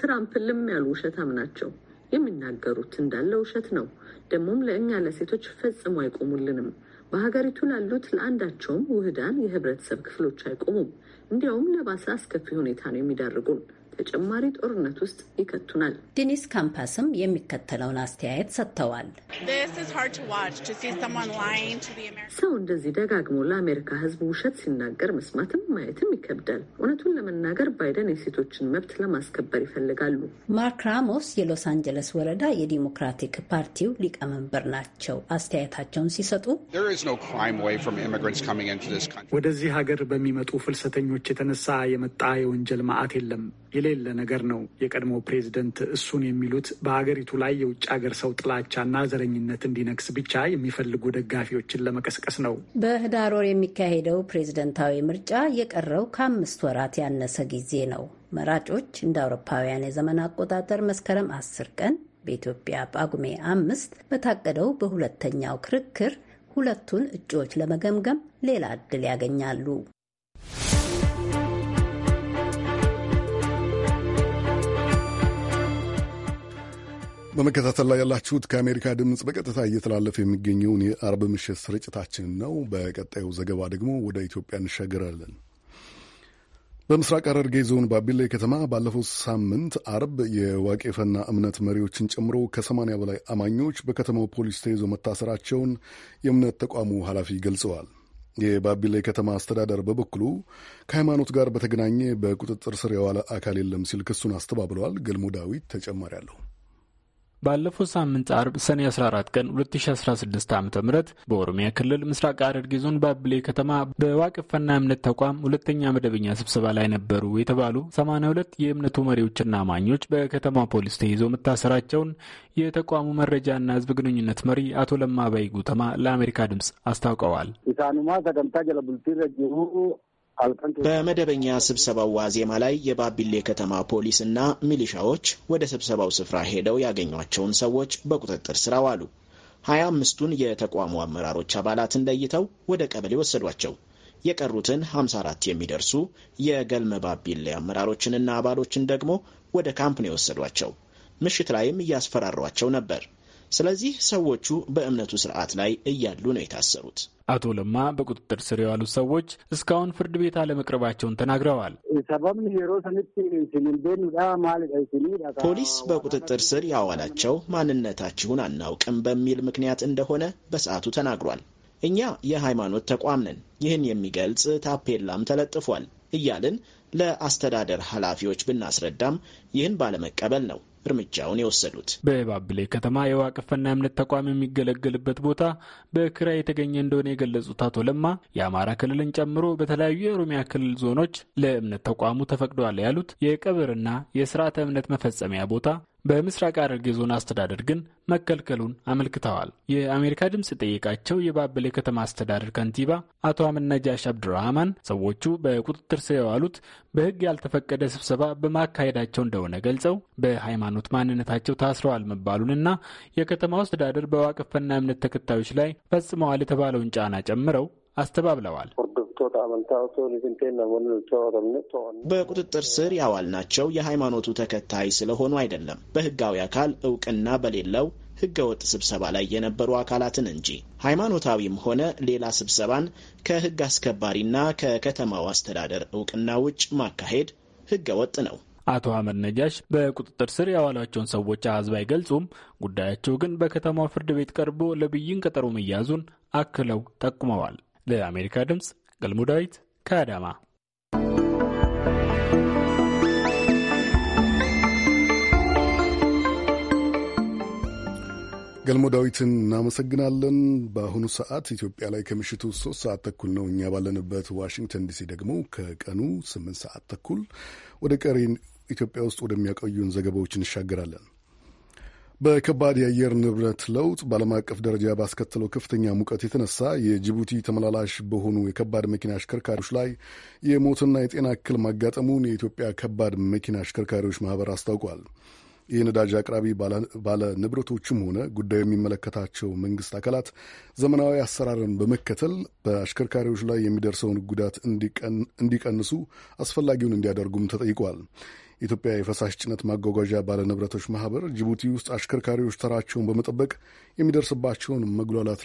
ትራምፕ ልም ያሉ ውሸታም ናቸው። የሚናገሩት እንዳለ ውሸት ነው። ደግሞም ለእኛ ለሴቶች ፈጽሞ አይቆሙልንም። በሀገሪቱ ላሉት ለአንዳቸውም ውህዳን የህብረተሰብ ክፍሎች አይቆሙም። እንዲያውም ለባሰ አስከፊ ሁኔታ ነው የሚዳርጉን። ተጨማሪ ጦርነት ውስጥ ይከቱናል። ዲኒስ ካምፓስም የሚከተለውን አስተያየት ሰጥተዋል። ሰው እንደዚህ ደጋግሞ ለአሜሪካ ሕዝብ ውሸት ሲናገር መስማትም ማየትም ይከብዳል። እውነቱን ለመናገር ባይደን የሴቶችን መብት ለማስከበር ይፈልጋሉ። ማርክ ራሞስ የሎስ አንጀለስ ወረዳ የዲሞክራቲክ ፓርቲው ሊቀመንበር ናቸው። አስተያየታቸውን ሲሰጡ ወደዚህ ሀገር በሚመጡ ፍልሰተኞች የተነሳ የመጣ የወንጀል ማዕት የለም የሌለ ነገር ነው። የቀድሞ ፕሬዝደንት እሱን የሚሉት በሀገሪቱ ላይ የውጭ ሀገር ሰው ጥላቻና ዘረኝነት እንዲነግስ ብቻ የሚፈልጉ ደጋፊዎችን ለመቀስቀስ ነው። በህዳር ወር የሚካሄደው ፕሬዝደንታዊ ምርጫ የቀረው ከአምስት ወራት ያነሰ ጊዜ ነው። መራጮች እንደ አውሮፓውያን የዘመን አቆጣጠር መስከረም አስር ቀን በኢትዮጵያ ጳጉሜ አምስት በታቀደው በሁለተኛው ክርክር ሁለቱን እጩዎች ለመገምገም ሌላ ዕድል ያገኛሉ። በመከታተል ላይ ያላችሁት ከአሜሪካ ድምፅ በቀጥታ እየተላለፈ የሚገኘውን የአርብ ምሽት ስርጭታችንን ነው። በቀጣዩ ዘገባ ደግሞ ወደ ኢትዮጵያ እንሻገራለን። በምስራቅ ሐረርጌ ዞን ባቢሌ ከተማ ባለፈው ሳምንት አርብ የዋቄፈና እምነት መሪዎችን ጨምሮ ከሰማንያ በላይ አማኞች በከተማው ፖሊስ ተይዞ መታሰራቸውን የእምነት ተቋሙ ኃላፊ ገልጸዋል። የባቢሌ ከተማ አስተዳደር በበኩሉ ከሃይማኖት ጋር በተገናኘ በቁጥጥር ስር የዋለ አካል የለም ሲል ክሱን አስተባብለዋል። ገልሞ ዳዊት ተጨማሪ አለሁ ባለፈው ሳምንት አርብ ሰኔ 14 ቀን 2016 ዓ ም በኦሮሚያ ክልል ምስራቅ ሐረርጌ ዞን ባብሌ ከተማ በዋቅፈና እምነት ተቋም ሁለተኛ መደበኛ ስብሰባ ላይ ነበሩ የተባሉ 82 የእምነቱ መሪዎችና አማኞች በከተማ ፖሊስ ተይዘው መታሰራቸውን የተቋሙ መረጃና ህዝብ ግንኙነት መሪ አቶ ለማ ባይ ጉተማ ለአሜሪካ ድምፅ አስታውቀዋል። ኢሳኑማ ሰገምታ ጀለቡልቲ በመደበኛ ስብሰባው ዋዜማ ላይ የባቢሌ ከተማ ፖሊስ ና ሚሊሻዎች ወደ ስብሰባው ስፍራ ሄደው ያገኟቸውን ሰዎች በቁጥጥር ስር አዋሉ። ሀያ አምስቱን የተቋሙ አመራሮች አባላትን ለይተው ወደ ቀበሌ ወሰዷቸው። የቀሩትን 54 የሚደርሱ የገልመ ባቢሌ አመራሮችንና አባሎችን ደግሞ ወደ ካምፕ ነው የወሰዷቸው። ምሽት ላይም እያስፈራሯቸው ነበር። ስለዚህ ሰዎቹ በእምነቱ ስርዓት ላይ እያሉ ነው የታሰሩት። አቶ ለማ በቁጥጥር ስር የዋሉት ሰዎች እስካሁን ፍርድ ቤት አለመቅረባቸውን ተናግረዋል። ፖሊስ በቁጥጥር ስር ያዋላቸው ማንነታችሁን አናውቅም በሚል ምክንያት እንደሆነ በሰዓቱ ተናግሯል። እኛ የሃይማኖት ተቋም ነን፣ ይህን የሚገልጽ ታፔላም ተለጥፏል እያልን ለአስተዳደር ኃላፊዎች ብናስረዳም ይህን ባለመቀበል ነው እርምጃውን የወሰዱት። በባብሌ ከተማ የዋቅፍና እምነት ተቋም የሚገለገልበት ቦታ በክራይ የተገኘ እንደሆነ የገለጹት አቶ ለማ የአማራ ክልልን ጨምሮ በተለያዩ የኦሮሚያ ክልል ዞኖች ለእምነት ተቋሙ ተፈቅደዋል ያሉት የቀብርና የስርዓተ እምነት መፈጸሚያ ቦታ በምስራቅ ሐረርጌ ዞን አስተዳደር ግን መከልከሉን አመልክተዋል። የአሜሪካ ድምፅ የጠየቃቸው የባበሌ ከተማ አስተዳደር ከንቲባ አቶ አመነጃሽ አብዱራህማን ሰዎቹ በቁጥጥር ስር የዋሉት በሕግ ያልተፈቀደ ስብሰባ በማካሄዳቸው እንደሆነ ገልጸው በሃይማኖት ማንነታቸው ታስረዋል መባሉንና የከተማው አስተዳደር በዋቅፈና እምነት ተከታዮች ላይ ፈጽመዋል የተባለውን ጫና ጨምረው አስተባብለዋል። በቁጥጥር ስር ያዋልናቸው የሃይማኖቱ ተከታይ ስለሆኑ አይደለም፣ በህጋዊ አካል እውቅና በሌለው ህገወጥ ስብሰባ ላይ የነበሩ አካላትን እንጂ። ሃይማኖታዊም ሆነ ሌላ ስብሰባን ከህግ አስከባሪና ከከተማው አስተዳደር እውቅና ውጭ ማካሄድ ህገወጥ ነው። አቶ አህመድ ነጃሽ በቁጥጥር ስር ያዋሏቸውን ሰዎች አሃዝ ባይገልጹም ጉዳያቸው ግን በከተማው ፍርድ ቤት ቀርቦ ለብይን ቀጠሮ መያዙን አክለው ጠቁመዋል። ለአሜሪካ ድምፅ ገልሙ ዳዊት ከአዳማ ገልሞ ዳዊትን እናመሰግናለን። በአሁኑ ሰዓት ኢትዮጵያ ላይ ከምሽቱ ሶስት ሰዓት ተኩል ነው። እኛ ባለንበት ዋሽንግተን ዲሲ ደግሞ ከቀኑ ስምንት ሰዓት ተኩል። ወደ ቀሪ ኢትዮጵያ ውስጥ ወደሚያቆዩን ዘገባዎች እንሻገራለን። በከባድ የአየር ንብረት ለውጥ በዓለም አቀፍ ደረጃ ባስከተለው ከፍተኛ ሙቀት የተነሳ የጅቡቲ ተመላላሽ በሆኑ የከባድ መኪና አሽከርካሪዎች ላይ የሞትና የጤና እክል ማጋጠሙን የኢትዮጵያ ከባድ መኪና አሽከርካሪዎች ማህበር አስታውቋል። የነዳጅ አቅራቢ ባለ ንብረቶችም ሆነ ጉዳዩ የሚመለከታቸው መንግስት አካላት ዘመናዊ አሰራርን በመከተል በአሽከርካሪዎች ላይ የሚደርሰውን ጉዳት እንዲቀንሱ አስፈላጊውን እንዲያደርጉም ተጠይቋል። ኢትዮጵያ የፈሳሽ ጭነት ማጓጓዣ ባለንብረቶች ማህበር ጅቡቲ ውስጥ አሽከርካሪዎች ተራቸውን በመጠበቅ የሚደርስባቸውን መጉላላት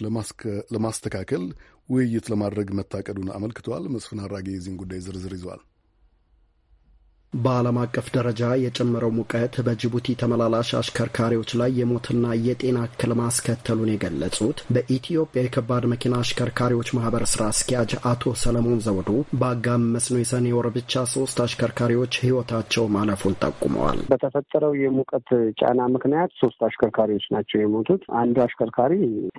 ለማስተካከል ውይይት ለማድረግ መታቀዱን አመልክተዋል። መስፍን አራጌ የዚህን ጉዳይ ዝርዝር ይዘዋል። በዓለም አቀፍ ደረጃ የጨመረው ሙቀት በጅቡቲ ተመላላሽ አሽከርካሪዎች ላይ የሞትና የጤና እክል ማስከተሉን የገለጹት በኢትዮጵያ የከባድ መኪና አሽከርካሪዎች ማህበር ስራ አስኪያጅ አቶ ሰለሞን ዘውዱ በአጋም መስኖ የሰኔ ወር ብቻ ሶስት አሽከርካሪዎች ህይወታቸው ማለፉን ጠቁመዋል። በተፈጠረው የሙቀት ጫና ምክንያት ሶስት አሽከርካሪዎች ናቸው የሞቱት። አንዱ አሽከርካሪ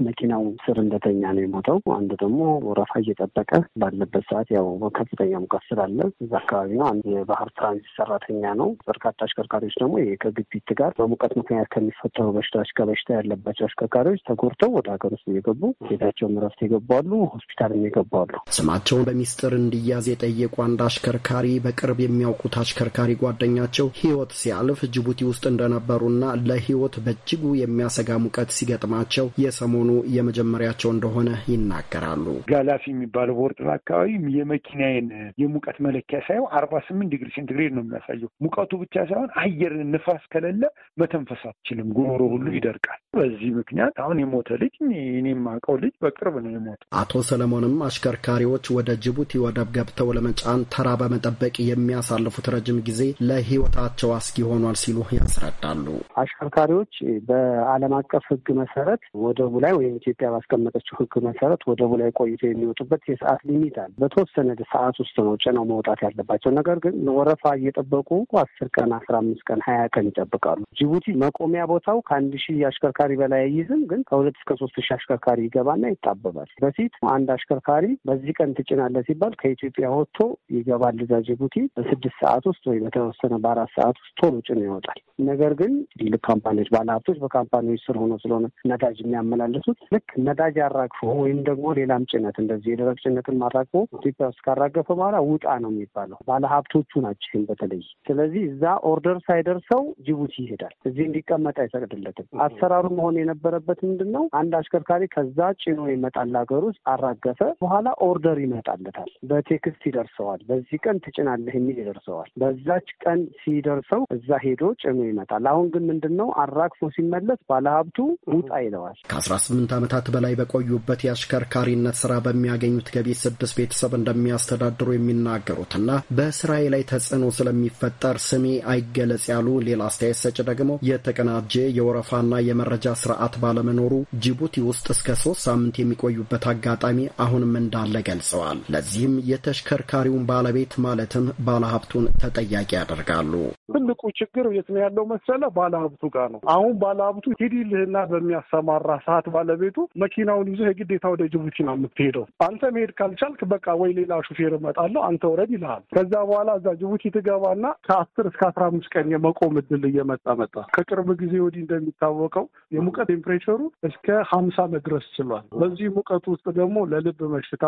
መኪናው ስር እንደተኛ ነው የሞተው። አንዱ ደግሞ ወረፋ እየጠበቀ ባለበት ሰዓት ያው ከፍተኛ ሙቀት ስላለ እዛ አካባቢ ነው የባህር የሰርቪስ ሰራተኛ ነው። በርካታ አሽከርካሪዎች ደግሞ ከግፊት ጋር በሙቀት ምክንያት ከሚፈጠሩ በሽታዎች ከበሽታ ያለባቸው አሽከርካሪዎች ተጎድተው ወደ ሀገር ውስጥ እየገቡ ቤታቸውን እረፍት የገባሉ፣ ሆስፒታልም የገባሉ። ስማቸውን በሚስጥር እንዲያዝ የጠየቁ አንድ አሽከርካሪ በቅርብ የሚያውቁት አሽከርካሪ ጓደኛቸው ህይወት ሲያልፍ ጅቡቲ ውስጥ እንደነበሩና ለህይወት በእጅጉ የሚያሰጋ ሙቀት ሲገጥማቸው የሰሞኑ የመጀመሪያቸው እንደሆነ ይናገራሉ። ጋላፊ የሚባለው ቦርጥር አካባቢ የመኪናዬን የሙቀት መለኪያ ሳየው አርባ ስምንት ዲግሪ ሴንቲግሬድ ነው የሚያሳየው። ሙቀቱ ብቻ ሳይሆን አየር ንፋስ ከሌለ መተንፈስ አትችልም፣ ጉሮሮ ሁሉ ይደርቃል። በዚህ ምክንያት አሁን የሞተ ልጅ እኔ የማውቀው ልጅ በቅርብ ነው የሞተ። አቶ ሰለሞንም አሽከርካሪዎች ወደ ጅቡቲ ወደብ ገብተው ለመጫን ተራ በመጠበቅ የሚያሳልፉት ረጅም ጊዜ ለህይወታቸው አስጊ ሆኗል ሲሉ ያስረዳሉ። አሽከርካሪዎች በዓለም አቀፍ ህግ መሰረት ወደቡ ላይ ወይም ኢትዮጵያ ባስቀመጠችው ህግ መሰረት ወደቡ ላይ ቆይተው የሚወጡበት የሰዓት ሊሚት አለ። በተወሰነ ሰዓት ውስጥ ነው ጭነው መውጣት ያለባቸው። ነገር ግን ወረፋ እየጠበቁ አስር ቀን አስራ አምስት ቀን ሀያ ቀን ይጠብቃሉ። ጅቡቲ መቆሚያ ቦታው ከአንድ ሺህ አሽከርካሪ በላይ አይይዝም፣ ግን ከሁለት እስከ ሶስት ሺህ አሽከርካሪ ይገባና ይጣበባል። በፊት አንድ አሽከርካሪ በዚህ ቀን ትጭናለ ሲባል ከኢትዮጵያ ወጥቶ ይገባል እዛ ጅቡቲ በስድስት ሰዓት ውስጥ ወይ በተወሰነ በአራት ሰዓት ውስጥ ቶሎ ጭኖ ይወጣል። ነገር ግን ትልቅ ካምፓኒዎች ባለሀብቶች በካምፓኒዎች ስር ሆኖ ስለሆነ ነዳጅ የሚያመላልሱት ልክ ነዳጅ አራግፎ ወይም ደግሞ ሌላም ጭነት እንደዚህ የደረቅ ጭነትን አራግፎ ኢትዮጵያ ውስጥ ካራገፈ በኋላ ውጣ ነው የሚባለው። ባለሀብቶቹ ናቸው በተለይ ስለዚህ እዛ ኦርደር ሳይደርሰው ጅቡቲ ይሄዳል። እዚህ እንዲቀመጥ አይፈቅድለትም። አሰራሩ መሆን የነበረበት ምንድን ነው? አንድ አሽከርካሪ ከዛ ጭኖ ይመጣል ሀገር ውስጥ አራገፈ በኋላ ኦርደር ይመጣለታል። በቴክስት ይደርሰዋል። በዚህ ቀን ትጭናለህ የሚል ይደርሰዋል። በዛች ቀን ሲደርሰው እዛ ሄዶ ጭኖ ይመጣል። አሁን ግን ምንድን ነው አራግፎ ሲመለስ ባለሀብቱ ውጣ ይለዋል። ከአስራ ስምንት ዓመታት በላይ በቆዩበት የአሽከርካሪነት ስራ በሚያገኙት ገቢ ስድስት ቤተሰብ እንደሚያስተዳድሩ የሚናገሩትና በስራዬ ላይ ተጽዕኖ ስለሚፈጠር ስሜ አይገለጽ ያሉ ሌላ አስተያየት ሰጭ ደግሞ የተቀናጀ የወረፋና የመረጃ ስርዓት ባለመኖሩ ጅቡቲ ውስጥ እስከ ሶስት ሳምንት የሚቆዩበት አጋጣሚ አሁንም እንዳለ ገልጸዋል። ለዚህም የተሽከርካሪውን ባለቤት ማለትም ባለሀብቱን ተጠያቂ ያደርጋሉ። ትልቁ ችግር የት ነው ያለው መሰለ? ባለሀብቱ ጋር ነው። አሁን ባለሀብቱ ሂድልህና በሚያሰማራ ሰዓት ባለቤቱ መኪናውን ይዞ የግዴታ ወደ ጅቡቲ ነው የምትሄደው። አንተ መሄድ ካልቻልክ በቃ ወይ ሌላ ሹፌር እመጣለሁ አንተ ወረድ ይልሃል። ከዛ በኋላ እዛ ጅቡቲ ሲገባና ከአስር እስከ አስራ አምስት ቀን የመቆም እድል እየመጣ መጣ። ከቅርብ ጊዜ ወዲህ እንደሚታወቀው የሙቀት ቴምፕሬቸሩ እስከ ሀምሳ መድረስ ችሏል። በዚህ ሙቀት ውስጥ ደግሞ ለልብ በሽታ፣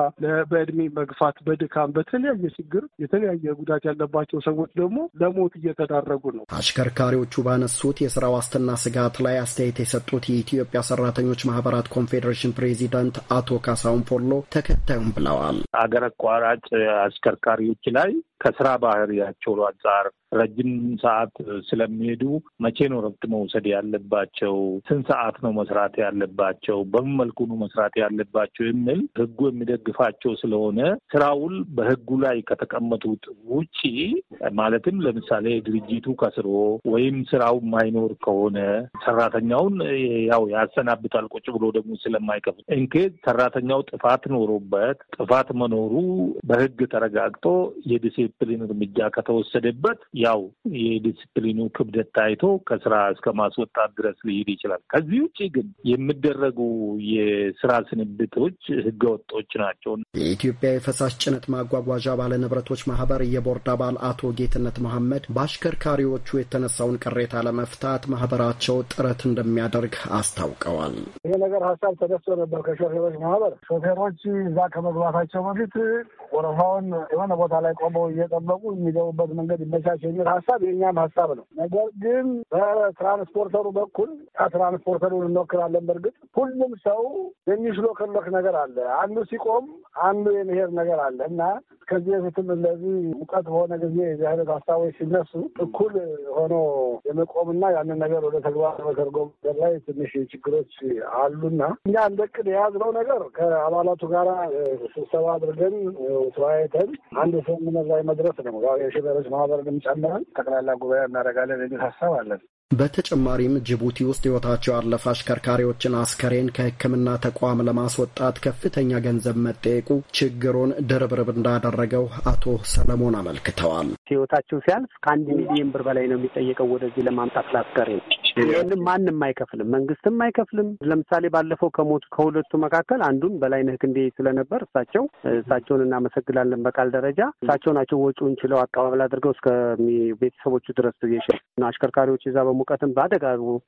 በእድሜ መግፋት፣ በድካም በተለያየ ችግር የተለያየ ጉዳት ያለባቸው ሰዎች ደግሞ ለሞት እየተዳረጉ ነው። አሽከርካሪዎቹ ባነሱት የስራ ዋስትና ስጋት ላይ አስተያየት የሰጡት የኢትዮጵያ ሰራተኞች ማህበራት ኮንፌዴሬሽን ፕሬዚዳንት አቶ ካሳሁን ፖሎ ተከታዩም ብለዋል። አገር አቋራጭ አሽከርካሪዎች ላይ ከስራ ባህሪያቸው csúrodzár ረጅም ሰዓት ስለሚሄዱ መቼ ነው ረፍት መውሰድ ያለባቸው? ስንት ሰዓት ነው መስራት ያለባቸው? በምን መልኩ ነው መስራት ያለባቸው? የሚል ህጉ የሚደግፋቸው ስለሆነ ስራውን በህጉ ላይ ከተቀመጡት ውጪ ማለትም ለምሳሌ ድርጅቱ ከስሮ ወይም ስራው ማይኖር ከሆነ ሰራተኛውን ያው ያሰናብታል። ቁጭ ብሎ ደግሞ ስለማይከፍል እንኬዝ ሰራተኛው ጥፋት ኖሮበት ጥፋት መኖሩ በህግ ተረጋግጦ የዲሲፕሊን እርምጃ ከተወሰደበት ያው የዲስፕሊኑ ክብደት ታይቶ ከስራ እስከ ማስወጣት ድረስ ሊሄድ ይችላል። ከዚህ ውጭ ግን የሚደረጉ የስራ ስንብቶች ህገወጦች ናቸው። የኢትዮጵያ የፈሳሽ ጭነት ማጓጓዣ ባለንብረቶች ማህበር የቦርድ አባል አቶ ጌትነት መሐመድ በአሽከርካሪዎቹ የተነሳውን ቅሬታ ለመፍታት ማህበራቸው ጥረት እንደሚያደርግ አስታውቀዋል። ይሄ ነገር ሀሳብ ተነስቶ ነበር ከሾፌሮች ማህበር። ሾፌሮች እዛ ከመግባታቸው በፊት ወረፋውን የሆነ ቦታ ላይ ቆመው እየጠበቁ የሚገቡበት መንገድ ይመቻቸው የሚል ሀሳብ የእኛም ሀሳብ ነው። ነገር ግን በትራንስፖርተሩ በኩል ትራንስፖርተሩን እንሞክራለን። በእርግጥ ሁሉም ሰው የሚሽሎከሎክ ነገር አለ። አንዱ ሲቆም አንዱ የመሄድ ነገር አለ እና ከዚህ በፊትም እንደዚህ እውቀት በሆነ ጊዜ የዚህ አይነት ሀሳቦች ሲነሱ እኩል ሆኖ የመቆምና ያንን ነገር ወደ ተግባር መተርጎም ነገር ላይ ትንሽ ችግሮች አሉና እኛ እንደ ቅድ የያዝነው ነገር ከአባላቱ ጋራ ስብሰባ አድርገን ተወያይተን አንድ ስምምነት ላይ መድረስ ነው። የሽበሮች ማህበር ጨምረን ጠቅላላ ጉባኤ እናደርጋለን የሚል ሀሳብ አለን። በተጨማሪም ጅቡቲ ውስጥ ሕይወታቸው ያለፈ አሽከርካሪዎችን አስከሬን ከሕክምና ተቋም ለማስወጣት ከፍተኛ ገንዘብ መጠየቁ ችግሩን ድርብርብ እንዳደረገው አቶ ሰለሞን አመልክተዋል። ሕይወታቸው ሲያልፍ ከአንድ ሚሊዮን ብር በላይ ነው የሚጠየቀው ወደዚህ ለማምጣት ለአስከሬን ይህንም ማንም አይከፍልም፣ መንግስትም አይከፍልም። ለምሳሌ ባለፈው ከሞቱ ከሁለቱ መካከል አንዱን በላይነህ ክንዴ ስለነበር እሳቸው እሳቸውን እናመሰግናለን። በቃል ደረጃ እሳቸው ናቸው ወጪውን ችለው አቀባበል አድርገው እስከ ቤተሰቦቹ ድረስ አሽከርካሪዎች እዛ በሙቀትም በአደጋ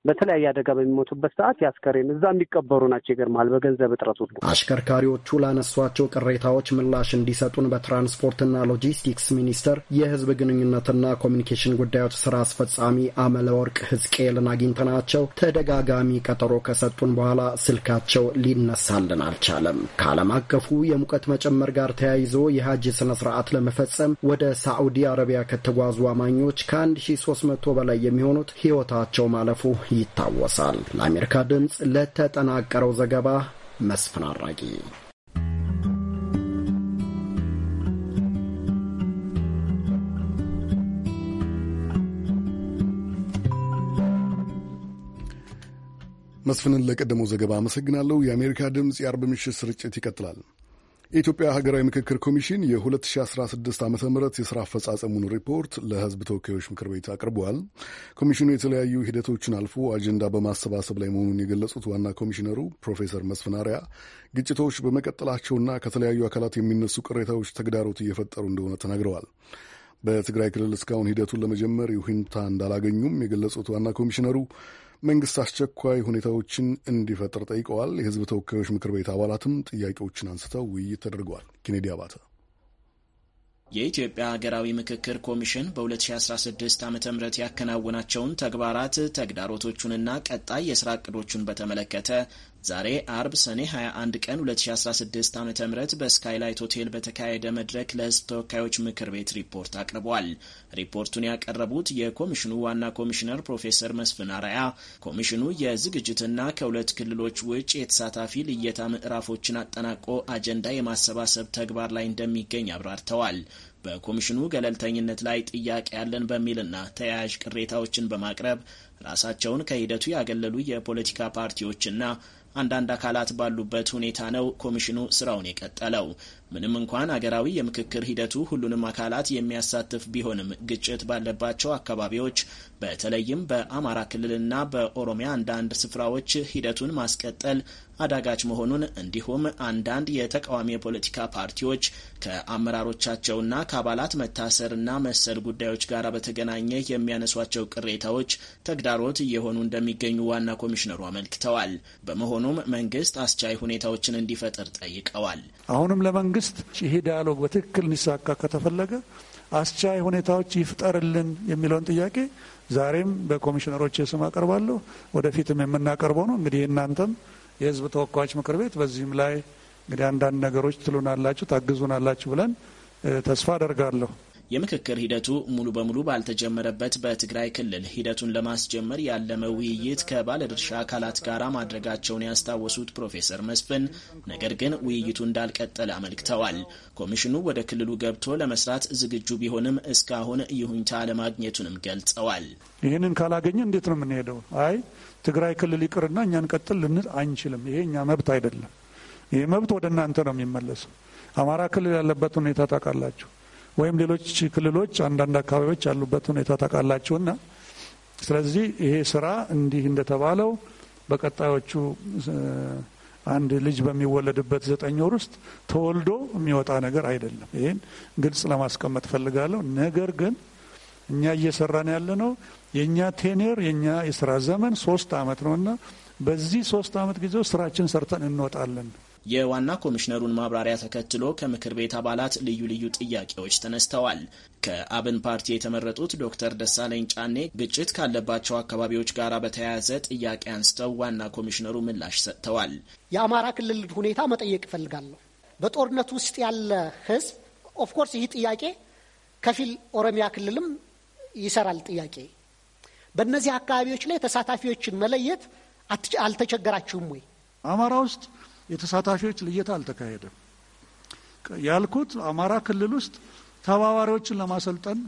በተለያየ አደጋ በሚሞቱበት ሰዓት ያስከሬን እዛ የሚቀበሩ ናቸው። ይገርማል። በገንዘብ እጥረት ሁሉ አሽከርካሪዎቹ ላነሷቸው ቅሬታዎች ምላሽ እንዲሰጡን በትራንስፖርትና ሎጂስቲክስ ሚኒስቴር የህዝብ ግንኙነትና ኮሚኒኬሽን ጉዳዮች ስራ አስፈጻሚ አመለወርቅ ህዝቅኤልና አግኝተናቸው ተደጋጋሚ ቀጠሮ ከሰጡን በኋላ ስልካቸው ሊነሳልን አልቻለም። ከዓለም አቀፉ የሙቀት መጨመር ጋር ተያይዞ የሀጅ ስነ ስርዓት ለመፈጸም ወደ ሳዑዲ አረቢያ ከተጓዙ አማኞች ከ1300 በላይ የሚሆኑት ሕይወታቸው ማለፉ ይታወሳል። ለአሜሪካ ድምፅ ለተጠናቀረው ዘገባ መስፍን አራጊ መስፍንን ለቀደመው ዘገባ አመሰግናለሁ። የአሜሪካ ድምፅ የአርብ ምሽት ስርጭት ይቀጥላል። የኢትዮጵያ ሀገራዊ ምክክር ኮሚሽን የ2016 ዓ ም የሥራ አፈጻጸሙን ሪፖርት ለሕዝብ ተወካዮች ምክር ቤት አቅርበዋል። ኮሚሽኑ የተለያዩ ሂደቶችን አልፎ አጀንዳ በማሰባሰብ ላይ መሆኑን የገለጹት ዋና ኮሚሽነሩ ፕሮፌሰር መስፍን አርያ ግጭቶች በመቀጠላቸውና ከተለያዩ አካላት የሚነሱ ቅሬታዎች ተግዳሮት እየፈጠሩ እንደሆነ ተናግረዋል። በትግራይ ክልል እስካሁን ሂደቱን ለመጀመር ይሁንታ እንዳላገኙም የገለጹት ዋና ኮሚሽነሩ መንግስት አስቸኳይ ሁኔታዎችን እንዲፈጥር ጠይቀዋል። የህዝብ ተወካዮች ምክር ቤት አባላትም ጥያቄዎችን አንስተው ውይይት ተደርገዋል። ኬኔዲ አባተ የኢትዮጵያ ሀገራዊ ምክክር ኮሚሽን በ2016 ዓ ም ያከናወናቸውን ተግባራት ተግዳሮቶቹንና ቀጣይ የስራ እቅዶቹን በተመለከተ ዛሬ አርብ ሰኔ 21 ቀን 2016 ዓ ም በስካይላይት ሆቴል በተካሄደ መድረክ ለህዝብ ተወካዮች ምክር ቤት ሪፖርት አቅርቧል። ሪፖርቱን ያቀረቡት የኮሚሽኑ ዋና ኮሚሽነር ፕሮፌሰር መስፍን አራያ ኮሚሽኑ የዝግጅትና ከሁለት ክልሎች ውጭ የተሳታፊ ልየታ ምዕራፎችን አጠናቆ አጀንዳ የማሰባሰብ ተግባር ላይ እንደሚገኝ አብራርተዋል። በኮሚሽኑ ገለልተኝነት ላይ ጥያቄ ያለን በሚልና ተያያዥ ቅሬታዎችን በማቅረብ ራሳቸውን ከሂደቱ ያገለሉ የፖለቲካ ፓርቲዎችና አንዳንድ አካላት ባሉበት ሁኔታ ነው ኮሚሽኑ ስራውን የቀጠለው። ምንም እንኳን አገራዊ የምክክር ሂደቱ ሁሉንም አካላት የሚያሳትፍ ቢሆንም ግጭት ባለባቸው አካባቢዎች በተለይም በአማራ ክልልና በኦሮሚያ አንዳንድ ስፍራዎች ሂደቱን ማስቀጠል አዳጋች መሆኑን እንዲሁም አንዳንድ የተቃዋሚ የፖለቲካ ፓርቲዎች ከአመራሮቻቸውና ከአባላት መታሰርና መሰል ጉዳዮች ጋር በተገናኘ የሚያነሷቸው ቅሬታዎች ተግዳሮት እየሆኑ እንደሚገኙ ዋና ኮሚሽነሩ አመልክተዋል። በመሆኑም መንግስት አስቻይ ሁኔታዎችን እንዲፈጥር ጠይቀዋል። አሁንም ለመንግስት ይሄ ዳያሎግ በትክክል እንዲሳካ ከተፈለገ አስቻይ ሁኔታዎች ይፍጠርልን የሚለውን ጥያቄ ዛሬም በኮሚሽነሮች ስም አቀርባለሁ። ወደፊትም የምናቀርበው ነው። እንግዲህ እናንተም የህዝብ ተወካዮች ምክር ቤት በዚህም ላይ እንግዲህ አንዳንድ ነገሮች ትሉናላችሁ፣ ታግዙናላችሁ ብለን ተስፋ አደርጋለሁ። የምክክር ሂደቱ ሙሉ በሙሉ ባልተጀመረበት በትግራይ ክልል ሂደቱን ለማስጀመር ያለመ ውይይት ከባለድርሻ አካላት ጋር ማድረጋቸውን ያስታወሱት ፕሮፌሰር መስፍን ነገር ግን ውይይቱ እንዳልቀጠለ አመልክተዋል። ኮሚሽኑ ወደ ክልሉ ገብቶ ለመስራት ዝግጁ ቢሆንም እስካሁን ይሁኝታ አለማግኘቱንም ገልጸዋል። ይህንን ካላገኘ እንዴት ነው የምንሄደው? አይ ትግራይ ክልል ይቅርና እኛን ቀጥል ልንል አንችልም። ይሄ እኛ መብት አይደለም። ይሄ መብት ወደ እናንተ ነው የሚመለሰው። አማራ ክልል ያለበት ሁኔታ ታውቃላችሁ፣ ወይም ሌሎች ክልሎች አንዳንድ አካባቢዎች ያሉበት ሁኔታ ታውቃላችሁና ስለዚህ ይሄ ስራ እንዲህ እንደተባለው በቀጣዮቹ አንድ ልጅ በሚወለድበት ዘጠኝ ወር ውስጥ ተወልዶ የሚወጣ ነገር አይደለም። ይህን ግልጽ ለማስቀመጥ ፈልጋለሁ። ነገር ግን እኛ እየሰራን ያለ ነው የእኛ ቴኔር የእኛ የስራ ዘመን ሶስት አመት እና በዚህ ሶስት አመት ጊዜ ስራችን ሰርተን እንወጣለን። የዋና ኮሚሽነሩን ማብራሪያ ተከትሎ ከምክር ቤት አባላት ልዩ ልዩ ጥያቄዎች ተነስተዋል። ከአብን ፓርቲ የተመረጡት ዶክተር ደሳለኝ ጫኔ ግጭት ካለባቸው አካባቢዎች ጋር በተያያዘ ጥያቄ አንስተው ዋና ኮሚሽነሩ ምላሽ ሰጥተዋል። የአማራ ክልል ሁኔታ መጠየቅ እፈልጋለሁ። በጦርነት ውስጥ ያለ ህዝብ ኦፍኮርስ ይህ ጥያቄ ከፊል ኦሮሚያ ክልልም ይሰራል ጥያቄ በእነዚህ አካባቢዎች ላይ ተሳታፊዎችን መለየት አልተቸገራችሁም ወይ? አማራ ውስጥ የተሳታፊዎች ልየታ አልተካሄደም ያልኩት አማራ ክልል ውስጥ ተባባሪዎችን ለማሰልጠን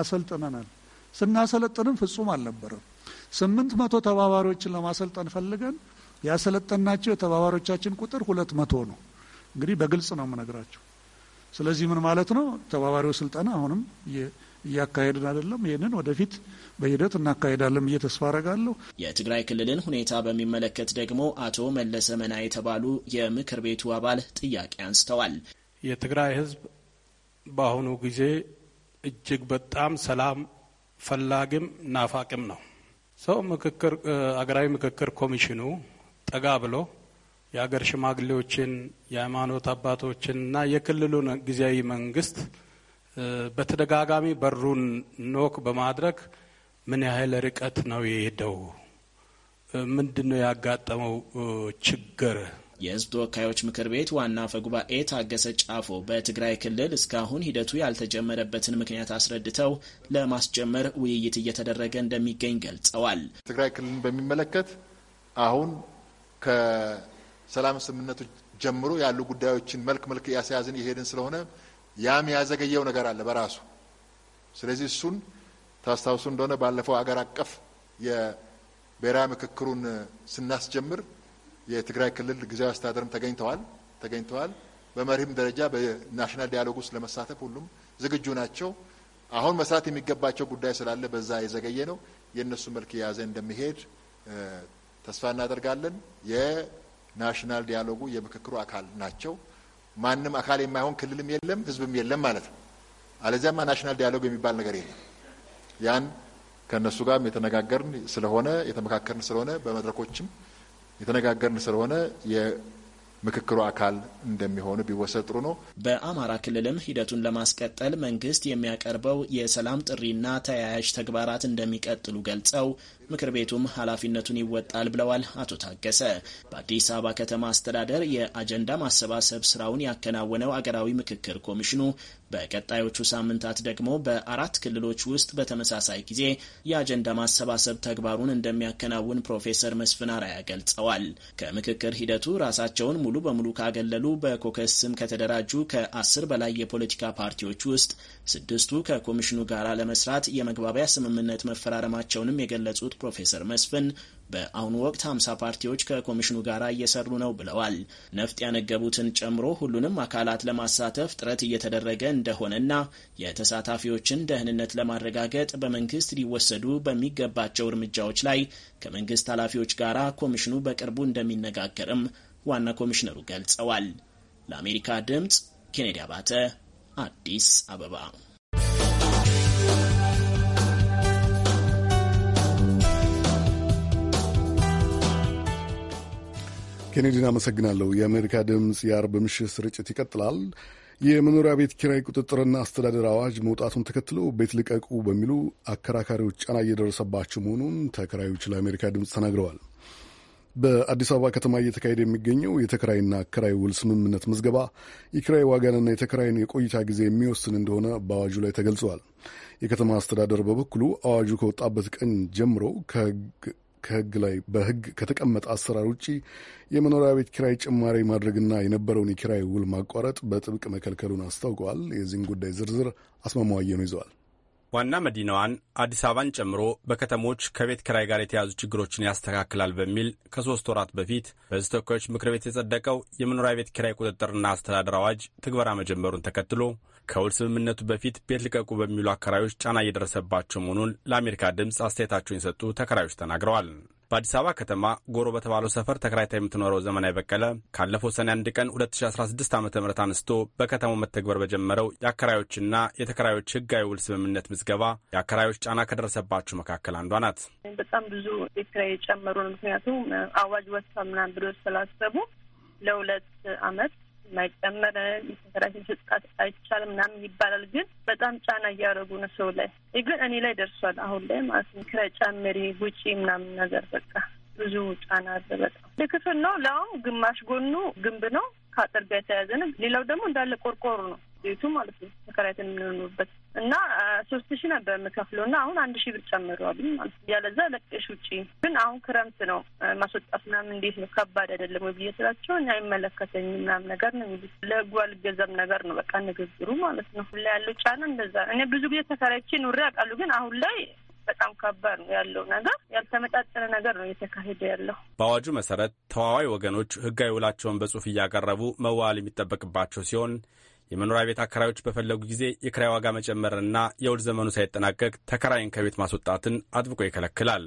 አሰልጥነናል። ስናሰለጥንም ፍጹም አልነበረም። ስምንት መቶ ተባባሪዎችን ለማሰልጠን ፈልገን ያሰለጠናቸው የተባባሪዎቻችን ቁጥር ሁለት መቶ ነው። እንግዲህ በግልጽ ነው የምነግራቸው። ስለዚህ ምን ማለት ነው? ተባባሪው ስልጠና አሁንም እያካሄድን አይደለም። ይህንን ወደፊት በሂደት እናካሄዳለን ብዬ ተስፋ አረጋለሁ። የትግራይ ክልልን ሁኔታ በሚመለከት ደግሞ አቶ መለሰ መና የተባሉ የምክር ቤቱ አባል ጥያቄ አንስተዋል። የትግራይ ህዝብ በአሁኑ ጊዜ እጅግ በጣም ሰላም ፈላጊም ናፋቅም ነው። ሰው ምክክር አገራዊ ምክክር ኮሚሽኑ ጠጋ ብሎ የአገር ሽማግሌዎችን፣ የሃይማኖት አባቶችን እና የክልሉን ጊዜያዊ መንግስት በተደጋጋሚ በሩን ኖክ በማድረግ ምን ያህል ርቀት ነው የሄደው? ምንድን ነው ያጋጠመው ችግር? የህዝብ ተወካዮች ምክር ቤት ዋና አፈ ጉባኤ ታገሰ ጫፎ በትግራይ ክልል እስካሁን ሂደቱ ያልተጀመረበትን ምክንያት አስረድተው ለማስጀመር ውይይት እየተደረገ እንደሚገኝ ገልጸዋል። ትግራይ ክልልን በሚመለከት አሁን ከሰላም ስምምነቱ ጀምሮ ያሉ ጉዳዮችን መልክ መልክ እያስያዝን የሄድን ስለሆነ ያም ያዘገየው ነገር አለ በራሱ። ስለዚህ እሱን ታስታውሱ እንደሆነ ባለፈው አገር አቀፍ የብሔራዊ ምክክሩን ስናስጀምር የትግራይ ክልል ጊዜያዊ አስተዳደርም ተገኝተዋል ተገኝተዋል። በመሪህም ደረጃ በናሽናል ዲያሎግ ውስጥ ለመሳተፍ ሁሉም ዝግጁ ናቸው። አሁን መስራት የሚገባቸው ጉዳይ ስላለ በዛ የዘገየ ነው። የእነሱ መልክ የያዘ እንደሚሄድ ተስፋ እናደርጋለን። የናሽናል ዲያሎጉ የምክክሩ አካል ናቸው። ማንም አካል የማይሆን ክልልም የለም ህዝብም የለም ማለት ነው። አለዚያማ ናሽናል ዲያሎግ የሚባል ነገር የለም። ያን ከእነሱ ጋር የተነጋገርን ስለሆነ የተመካከርን ስለሆነ በመድረኮችም የተነጋገርን ስለሆነ ምክክሩ አካል እንደሚሆኑ ቢወሰድ ጥሩ ነው። በአማራ ክልልም ሂደቱን ለማስቀጠል መንግስት የሚያቀርበው የሰላም ጥሪና ተያያዥ ተግባራት እንደሚቀጥሉ ገልጸው ምክር ቤቱም ኃላፊነቱን ይወጣል ብለዋል አቶ ታገሰ። በአዲስ አበባ ከተማ አስተዳደር የአጀንዳ ማሰባሰብ ስራውን ያከናወነው አገራዊ ምክክር ኮሚሽኑ በቀጣዮቹ ሳምንታት ደግሞ በአራት ክልሎች ውስጥ በተመሳሳይ ጊዜ የአጀንዳ ማሰባሰብ ተግባሩን እንደሚያከናውን ፕሮፌሰር መስፍን አራያ ገልጸዋል። ከምክክር ሂደቱ ራሳቸውን ሙሉ በሙሉ ካገለሉ በኮከስ ስም ከተደራጁ ከአስር በላይ የፖለቲካ ፓርቲዎች ውስጥ ስድስቱ ከኮሚሽኑ ጋር ለመስራት የመግባቢያ ስምምነት መፈራረማቸውንም የገለጹት ፕሮፌሰር መስፍን በአሁኑ ወቅት ሀምሳ ፓርቲዎች ከኮሚሽኑ ጋር እየሰሩ ነው ብለዋል። ነፍጥ ያነገቡትን ጨምሮ ሁሉንም አካላት ለማሳተፍ ጥረት እየተደረገ እንደሆነና የተሳታፊዎችን ደህንነት ለማረጋገጥ በመንግስት ሊወሰዱ በሚገባቸው እርምጃዎች ላይ ከመንግስት ኃላፊዎች ጋር ኮሚሽኑ በቅርቡ እንደሚነጋገርም ዋና ኮሚሽነሩ ገልጸዋል። ለአሜሪካ ድምፅ ኬኔዲ አባተ አዲስ አበባ ኬኔዲን አመሰግናለሁ። የአሜሪካ ድምፅ የአርብ ምሽት ስርጭት ይቀጥላል። የመኖሪያ ቤት ኪራይ ቁጥጥርና አስተዳደር አዋጅ መውጣቱን ተከትሎ ቤት ልቀቁ በሚሉ አከራካሪዎች ጫና እየደረሰባቸው መሆኑን ተከራዮች ለአሜሪካ ድምፅ ተናግረዋል። በአዲስ አበባ ከተማ እየተካሄደ የሚገኘው የተከራይና አከራይ ውል ስምምነት ምዝገባ የኪራይ ዋጋንና የተከራይን የቆይታ ጊዜ የሚወስን እንደሆነ በአዋጁ ላይ ተገልጿል። የከተማ አስተዳደር በበኩሉ አዋጁ ከወጣበት ቀን ጀምሮ ከህግ ላይ በህግ ከተቀመጠ አሰራር ውጪ የመኖሪያ ቤት ኪራይ ጭማሪ ማድረግና የነበረውን የኪራይ ውል ማቋረጥ በጥብቅ መከልከሉን አስታውቀዋል። የዚህን ጉዳይ ዝርዝር አስማማዋየኑ ይዘዋል። ዋና መዲናዋን አዲስ አበባን ጨምሮ በከተሞች ከቤት ክራይ ጋር የተያዙ ችግሮችን ያስተካክላል በሚል ከሶስት ወራት በፊት በሕዝብ ተወካዮች ምክር ቤት የጸደቀው የመኖሪያ ቤት ክራይ ቁጥጥርና አስተዳደር አዋጅ ትግበራ መጀመሩን ተከትሎ ከውል ስምምነቱ በፊት ቤት ልቀቁ በሚሉ አከራዮች ጫና እየደረሰባቸው መሆኑን ለአሜሪካ ድምፅ አስተያየታቸውን የሰጡ ተከራዮች ተናግረዋል። በአዲስ አበባ ከተማ ጎሮ በተባለው ሰፈር ተከራይታ የምትኖረው ዘመናዊ በቀለ ካለፈው ሰኔ አንድ ቀን 2016 ዓ ም አንስቶ በከተማው መተግበር በጀመረው የአከራዮችና የተከራዮች ህጋዊ ውል ስምምነት ምዝገባ የአከራዮች ጫና ከደረሰባቸው መካከል አንዷ ናት። በጣም ብዙ ቤት ኪራይ የጨመሩ ነው። ምክንያቱም አዋጅ ወጥቷል ምናምን ብሎ ስላሰቡ ለሁለት አመት የማይጨመር የተሰራችን ስጣት አይቻልም ምናምን ይባላል። ግን በጣም ጫና እያደረጉ ነው ሰው ላይ ግን እኔ ላይ ደርሷል። አሁን ላይ ማለት ነው ክረ ውጪ ምናምን ነገር በቃ ብዙ ጫና አለ። በጣም ልክፍል ነው። ለአሁን ግማሽ ጎኑ ግንብ ነው፣ ከአጥር ጋር የተያዘ ነው። ሌላው ደግሞ እንዳለ ቆርቆሮ ነው። ቤቱ ማለት ነው ተከራይተን የምንኖርበት እና ሶስት ሺ ነበር የምከፍለው እና አሁን አንድ ሺ ብር ጨምረዋል ማለት ነው። ያለዛ ለቀሽ ውጪ ግን አሁን ክረምት ነው ማስወጣት ምናምን እንዴት ነው ከባድ አይደለም ወይ ብዬ ስላቸው እኔ አይመለከተኝም ምናምን ነገር ነው የሚሉት። ለህጉ አልገዛም ነገር ነው በቃ ንግግሩ ማለት ነው። ላይ ያለው ጫና እንደዛ። እኔ ብዙ ጊዜ ተከራይቼ ኑሬ አውቃለሁ። ግን አሁን ላይ በጣም ከባድ ነው ያለው ነገር። ያልተመጣጠነ ነገር ነው እየተካሄደ ያለው። በአዋጁ መሰረት ተዋዋይ ወገኖች ህጋዊ ውላቸውን በጽሁፍ እያቀረቡ መዋል የሚጠበቅባቸው ሲሆን የመኖሪያ ቤት አከራዮች በፈለጉ ጊዜ የክራይ ዋጋ መጨመርንና የውድ ዘመኑ ሳይጠናቀቅ ተከራይን ከቤት ማስወጣትን አጥብቆ ይከለክላል።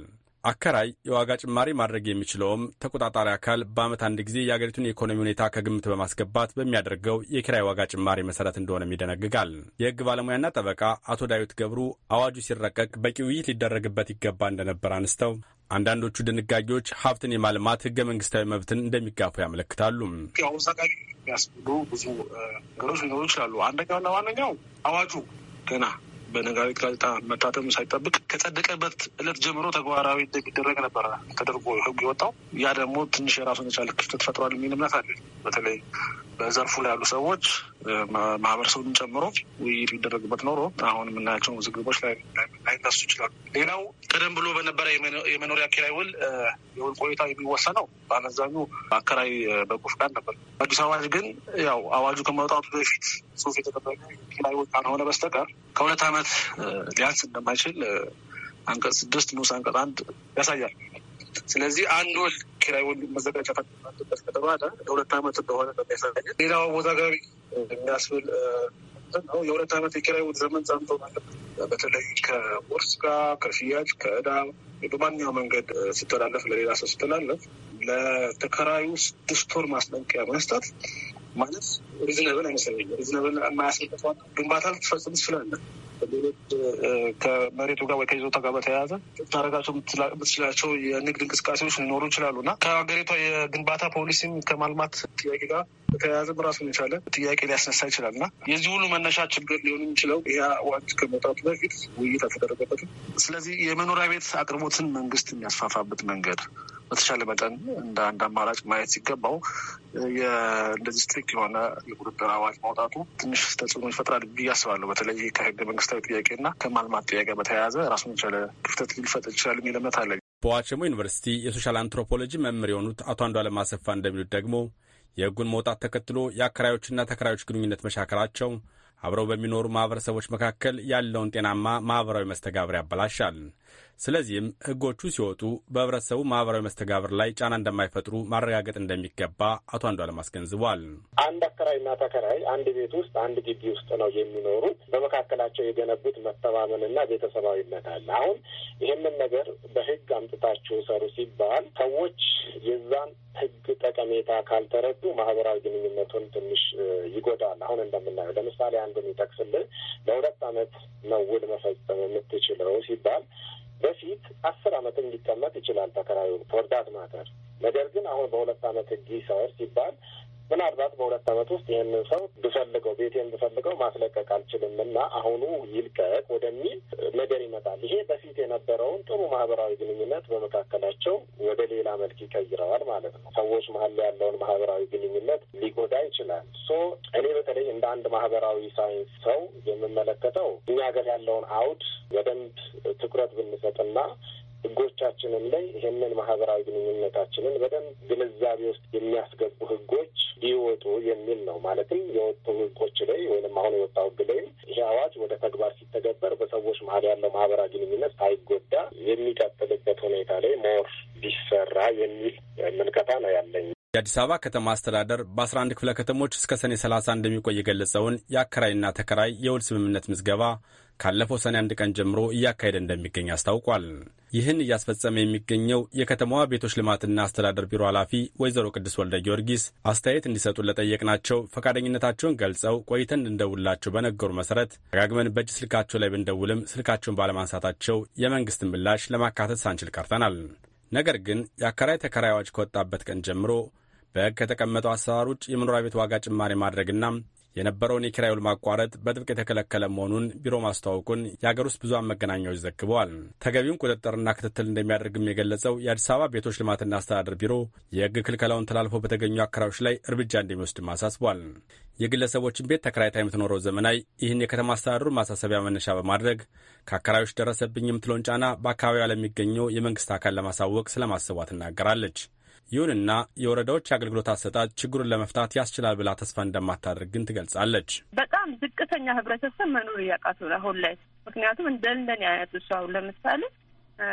አከራይ የዋጋ ጭማሪ ማድረግ የሚችለውም ተቆጣጣሪ አካል በዓመት አንድ ጊዜ የአገሪቱን የኢኮኖሚ ሁኔታ ከግምት በማስገባት በሚያደርገው የኪራይ ዋጋ ጭማሪ መሰረት እንደሆነም ይደነግጋል። የሕግ ባለሙያና ጠበቃ አቶ ዳዊት ገብሩ አዋጁ ሲረቀቅ በቂ ውይይት ሊደረግበት ይገባ እንደነበር አንስተው አንዳንዶቹ ድንጋጌዎች ሀብትን የማልማት ህገ መንግስታዊ መብትን እንደሚጋፉ ያመለክታሉ። አወዛጋቢ የሚያስብሉ ብዙ ነገሮች ሊኖሩ ይችላሉ። አንደኛውና ዋነኛው አዋጁ ገና በነጋሪት ጋዜጣ መታተም ሳይጠብቅ ከጸደቀበት እለት ጀምሮ ተግባራዊ እንደሚደረግ ነበረ ተደርጎ ህጉ የወጣው። ያ ደግሞ ትንሽ የራሱን የቻለ ክፍተት ፈጥሯል የሚል እምነት አለ። በተለይ በዘርፉ ላይ ያሉ ሰዎች ማህበረሰቡን ጨምሮ ውይይት ቢደረግበት ኖሮ አሁን የምናያቸው ውዝግቦች ላይ ሊነሱ ይችላሉ። ሌላው ቀደም ብሎ በነበረ የመኖሪያ ኪራይ ውል የውል ቆይታ የሚወሰነው በአመዛኙ አከራይ በጎ ፈቃድ ነበር። አዲስ አዋጅ ግን ያው አዋጁ ከመውጣቱ በፊት ጽሁፍ የተጠበቀ ኪራይ ውል ካልሆነ በስተቀር ከሁለት ዓመት ሊያንስ እንደማይችል አንቀጽ ስድስት ንዑስ አንቀጽ አንድ ያሳያል። ስለዚህ አንድ ወል ኪራይ ውል መዘጋጀት አለበት ከተባለ ለሁለት ዓመት እንደሆነ እንደሚያሳይ ሌላው አወዛጋቢ የሚያስብል እያስቀመጠን ነው። የሁለት ዓመት የኪራይ ዘመን ጸንቶ ማለት በተለይ ከውርስ ጋር ከሽያጭ ከእዳ በማንኛው መንገድ ስተላለፍ ለሌላ ሰው ስተላለፍ ለተከራዩ ስድስት ወር ማስጠንቀቂያ መስጠት ማለት ሪዝነብል አይመስለኝም። ሪዝነብል የማያስልበት ግንባታ ልትፈጽም ትችላለን። ከመሬቱ ጋር ወይ ከይዞታ ጋር በተያያዘ ታረጋቸው የምትችላቸው የንግድ እንቅስቃሴዎች ሊኖሩ ይችላሉ እና ከሀገሪቷ የግንባታ ፖሊሲም ከማልማት ጥያቄ ጋር በተያያዘ ራሱን የቻለ ጥያቄ ሊያስነሳ ይችላል እና የዚህ ሁሉ መነሻ ችግር ሊሆን የሚችለው ይህ አዋጅ ከመውጣቱ በፊት ውይይት አልተደረገበትም። ስለዚህ የመኖሪያ ቤት አቅርቦትን መንግስት የሚያስፋፋበት መንገድ በተሻለ መጠን እንደ አንድ አማራጭ ማየት ሲገባው እንደዚህ ስትሪክት የሆነ የቁጥጥር አዋጅ ማውጣቱ ትንሽ ተጽዕኖ ይፈጥራል ብዬ አስባለሁ። በተለይ ከህገ መንግስታዊ ጥያቄና ከማልማት ጥያቄ በተያያዘ ራሱን የቻለ ክፍተት ሊፈጥ ይችላል የሚል እምነት አለ። በዋቸሞ ዩኒቨርሲቲ የሶሻል አንትሮፖሎጂ መምህር የሆኑት አቶ አንዷለም አሰፋ እንደሚሉት ደግሞ የህጉን መውጣት ተከትሎ የአከራዮችና ተከራዮች ግንኙነት መሻከላቸው አብረው በሚኖሩ ማህበረሰቦች መካከል ያለውን ጤናማ ማህበራዊ መስተጋብር ያበላሻል። ስለዚህም ህጎቹ ሲወጡ በህብረተሰቡ ማህበራዊ መስተጋብር ላይ ጫና እንደማይፈጥሩ ማረጋገጥ እንደሚገባ አቶ አንዷለም አስገንዝቧል። አንድ አከራይና ተከራይ አንድ ቤት ውስጥ አንድ ግቢ ውስጥ ነው የሚኖሩት። በመካከላቸው የገነቡት መተማመንና ቤተሰባዊነት አለ። አሁን ይህንን ነገር በህግ አምጥታችሁ ሰሩ ሲባል ሰዎች የዛን ህግ ጠቀሜታ ካልተረዱ ማህበራዊ ግንኙነቱን ትንሽ ይጎዳል። አሁን እንደምናየው ለምሳሌ አንዱን ይጠቅስልን ለሁለት ዓመት ነው ውል መፈጸም የምትችለው ሲባል በፊት አስር ዓመትም ሊቀመጥ ይችላል ተከራዩን ፎር ዳት ማተር ነገር ግን አሁን በሁለት አመት ህግ ሰወር ሲባል ምናልባት በሁለት ዓመት ውስጥ ይህንን ሰው ብፈልገው ቤቴን ብፈልገው ማስለቀቅ አልችልም እና አሁኑ ይልቀቅ ወደሚል ነገር ይመጣል። ይሄ በፊት የነበረውን ጥሩ ማህበራዊ ግንኙነት በመካከላቸው ወደ ሌላ መልክ ይቀይረዋል ማለት ነው። ሰዎች መሀል ያለውን ማህበራዊ ግንኙነት ሊጎዳ ይችላል። ሶ እኔ በተለይ እንደ አንድ ማህበራዊ ሳይንስ ሰው የምመለከተው እኛ ሀገር ያለውን አውድ በደንብ ትኩረት ብንሰጥና ህጎቻችንም ላይ ይህንን ማህበራዊ ግንኙነታችንን በደንብ ግንዛቤ ውስጥ የሚያስገቡ ህጎች ቢወጡ የሚል ነው። ማለትም የወጡ ህጎች ላይ ወይም አሁን የወጣው ህግ ላይም ይሄ አዋጅ ወደ ተግባር ሲተገበር በሰዎች መሀል ያለው ማህበራዊ ግንኙነት ሳይጎዳ የሚቀጥልበት ሁኔታ ላይ ሞር ቢሰራ የሚል ምልከታ ነው ያለኝ። የአዲስ አበባ ከተማ አስተዳደር በ11 ክፍለ ከተሞች እስከ ሰኔ 30 እንደሚቆይ የገለጸውን የአከራይና ተከራይ የውል ስምምነት ምዝገባ ካለፈው ሰኔ አንድ ቀን ጀምሮ እያካሄደ እንደሚገኝ አስታውቋል። ይህን እያስፈጸመ የሚገኘው የከተማዋ ቤቶች ልማትና አስተዳደር ቢሮ ኃላፊ ወይዘሮ ቅድስት ወልደ ጊዮርጊስ አስተያየት እንዲሰጡን ለጠየቅናቸው ፈቃደኝነታቸውን ገልጸው ቆይተን እንደውላቸው በነገሩ መሰረት ደጋግመን በእጅ ስልካቸው ላይ ብንደውልም ስልካቸውን ባለማንሳታቸው የመንግስትን ምላሽ ለማካተት ሳንችል ቀርተናል። ነገር ግን የአከራይ ተከራዮች ከወጣበት ቀን ጀምሮ በሕግ ከተቀመጠው አሰራር ውጭ የመኖሪያ ቤት ዋጋ ጭማሪ ማድረግና የነበረውን የኪራይ ውል ማቋረጥ በጥብቅ የተከለከለ መሆኑን ቢሮ ማስታወቁን የአገር ውስጥ ብዙኃን መገናኛዎች ዘግበዋል። ተገቢውን ቁጥጥርና ክትትል እንደሚያደርግም የገለጸው የአዲስ አበባ ቤቶች ልማትና አስተዳደር ቢሮ የህግ ክልከላውን ተላልፎ በተገኙ አከራዮች ላይ እርምጃ እንደሚወስድም አሳስቧል። የግለሰቦችን ቤት ተከራይታ የምትኖረው ዘመናዊ ይህን የከተማ አስተዳደሩን ማሳሰቢያ መነሻ በማድረግ ከአከራዮች ደረሰብኝ የምትለውን ጫና በአካባቢዋ ለሚገኘው የመንግስት አካል ለማሳወቅ ስለማሰቧ ትናገራለች። ይሁንና የወረዳዎች አገልግሎት አሰጣጥ ችግሩን ለመፍታት ያስችላል ብላ ተስፋ እንደማታደርግ ግን ትገልጻለች። በጣም ዝቅተኛ ህብረተሰብ መኖር እያቃተው አሁን ላይ ምክንያቱም እንደንደን አይነት እሱ አሁን ለምሳሌ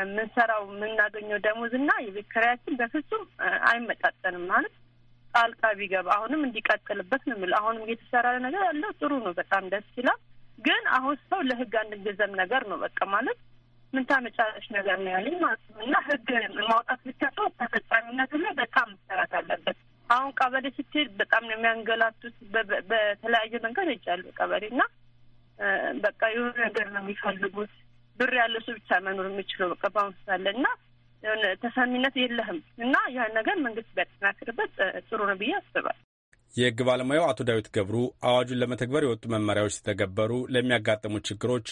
የምንሰራው የምናገኘው ደሞዝና የቤት ኪራያችን በፍጹም አይመጣጠንም ማለት ጣልቃ ቢገባ አሁንም እንዲቀጥልበት ነው የምልህ። አሁንም እየተሰራ ነገር ያለው ጥሩ ነው፣ በጣም ደስ ይላል። ግን አሁን ሰው ለህግ አንገዛም ነገር ነው በቃ ማለት ምን ታመጫለሽ ነገር ነው ያለኝ ማለት ነው። እና ህግ ማውጣት ብቻ ሰው ተፈጻሚነቱ ላይ በጣም መሰራት አለበት። አሁን ቀበሌ ስትሄድ በጣም ነው የሚያንገላቱት። በተለያየ መንገድ ሄጃለሁ ቀበሌ እና በቃ የሆነ ነገር ነው የሚፈልጉት። ብር ያለው ሰው ብቻ መኖር የሚችለው በቃ በአሁኑ ሳለ እና የሆነ ተሰሚነት የለህም እና ያን ነገር መንግስት ቢያጠናክርበት ጥሩ ነው ብዬ አስባል። የህግ ባለሙያው አቶ ዳዊት ገብሩ አዋጁን ለመተግበር የወጡ መመሪያዎች ሲተገበሩ ለሚያጋጥሙ ችግሮች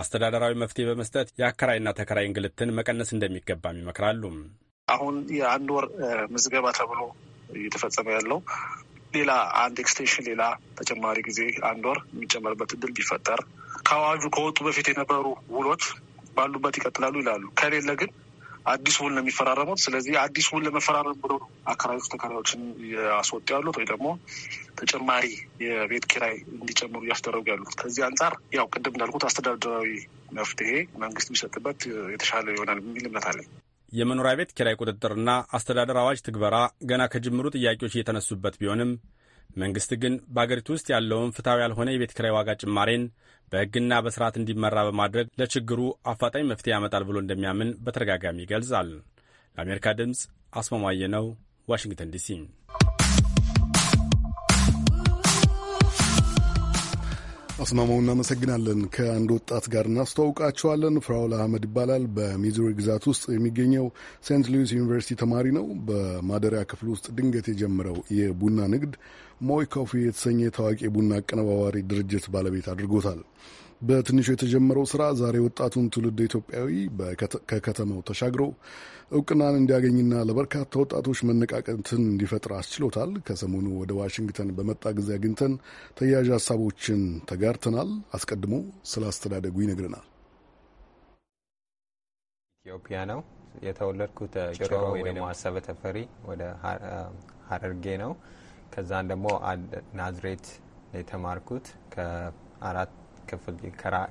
አስተዳደራዊ መፍትሄ በመስጠት የአከራይና ተከራይ እንግልትን መቀነስ እንደሚገባም ይመክራሉ። አሁን የአንድ ወር ምዝገባ ተብሎ እየተፈጸመ ያለው ሌላ አንድ ኤክስቴንሽን ሌላ ተጨማሪ ጊዜ አንድ ወር የሚጨመርበት እድል ቢፈጠር ከአዋጁ ከወጡ በፊት የነበሩ ውሎች ባሉበት ይቀጥላሉ ይላሉ። ከሌለ ግን አዲስ ውል ነው የሚፈራረሙት። ስለዚህ አዲስ ውል ለመፈራረም ብሎ አከራዮች ተከራዮችን ያስወጡ ያሉት ወይ ደግሞ ተጨማሪ የቤት ኪራይ እንዲጨምሩ እያስደረጉ ያሉት። ከዚህ አንጻር ያው ቅድም እንዳልኩት አስተዳደራዊ መፍትሄ መንግስት ቢሰጥበት የተሻለ ይሆናል የሚል እምነት አለኝ። የመኖሪያ ቤት ኪራይ ቁጥጥርና አስተዳደር አዋጅ ትግበራ ገና ከጅምሩ ጥያቄዎች እየተነሱበት ቢሆንም መንግሥት ግን በአገሪቱ ውስጥ ያለውን ፍትሐዊ ያልሆነ የቤት ክራይ ዋጋ ጭማሬን በሕግና በስርዓት እንዲመራ በማድረግ ለችግሩ አፋጣኝ መፍትሄ ያመጣል ብሎ እንደሚያምን በተደጋጋሚ ይገልጻል። ለአሜሪካ ድምፅ አስማማየ ነው፣ ዋሽንግተን ዲሲ። አስማማው እናመሰግናለን። ከአንድ ወጣት ጋር እናስተዋውቃቸዋለን። ፍራውል አህመድ ይባላል። በሚዙሪ ግዛት ውስጥ የሚገኘው ሴንት ሉዊስ ዩኒቨርሲቲ ተማሪ ነው። በማደሪያ ክፍል ውስጥ ድንገት የጀመረው የቡና ንግድ ሞይ ኮፊ የተሰኘ ታዋቂ የቡና አቀነባባሪ ድርጅት ባለቤት አድርጎታል። በትንሹ የተጀመረው ስራ ዛሬ ወጣቱን ትውልድ ኢትዮጵያዊ ከከተማው ተሻግሮ እውቅናን እንዲያገኝና ለበርካታ ወጣቶች መነቃቀትን እንዲፈጥር አስችሎታል። ከሰሞኑ ወደ ዋሽንግተን በመጣ ጊዜ አግኝተን ተያያዥ ሀሳቦችን ተጋርተናል። አስቀድሞ ስለ አስተዳደጉ ይነግረናል። ኢትዮጵያ ነው የተወለድኩት። ጭሮ ወይ ደግሞ አሰበ ተፈሪ ወደ ሀረርጌ ነው ከዛን ደግሞ ናዝሬት የተማርኩት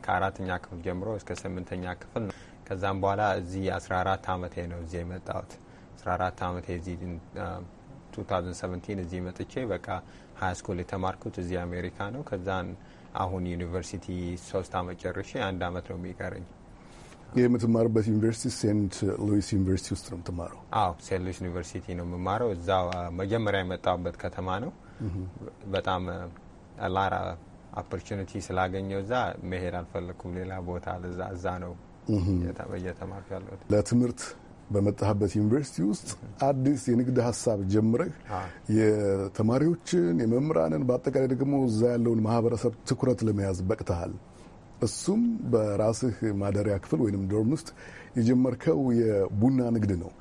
ከአራተኛ ክፍል ጀምሮ እስከ ስምንተኛ ክፍል ነው። ከዛም በኋላ እዚህ አስራ አራት አመቴ ነው እዚህ የመጣሁት። አስራ አራት አመቴ እዚህ 2017 እዚህ መጥቼ በቃ ሀይ ስኩል የተማርኩት እዚህ አሜሪካ ነው። ከዛን አሁን ዩኒቨርሲቲ ሶስት አመት ጨርሼ አንድ አመት ነው የሚቀረኝ የምትማርበት ዩኒቨርሲቲ ሴንት ሉዊስ ዩኒቨርሲቲ ውስጥ ነው የምትማረው? አዎ ሴንት ሉዊስ ዩኒቨርሲቲ ነው የምማረው። እዛ መጀመሪያ የመጣሁበት ከተማ ነው። በጣም ላራ ኦፖርቹኒቲ ስላገኘው እዛ መሄድ አልፈለግኩም ሌላ ቦታ። ለዛ እዛ ነው እየተማርኩ ያለሁት። ለትምህርት በመጣህበት ዩኒቨርሲቲ ውስጥ አዲስ የንግድ ሀሳብ ጀምረህ የተማሪዎችን የመምህራንን፣ በአጠቃላይ ደግሞ እዛ ያለውን ማህበረሰብ ትኩረት ለመያዝ በቅተሃል። እሱም በራስህ ማደሪያ ክፍል ወይም ዶርም ውስጥ የጀመርከው የቡና ንግድ ነው።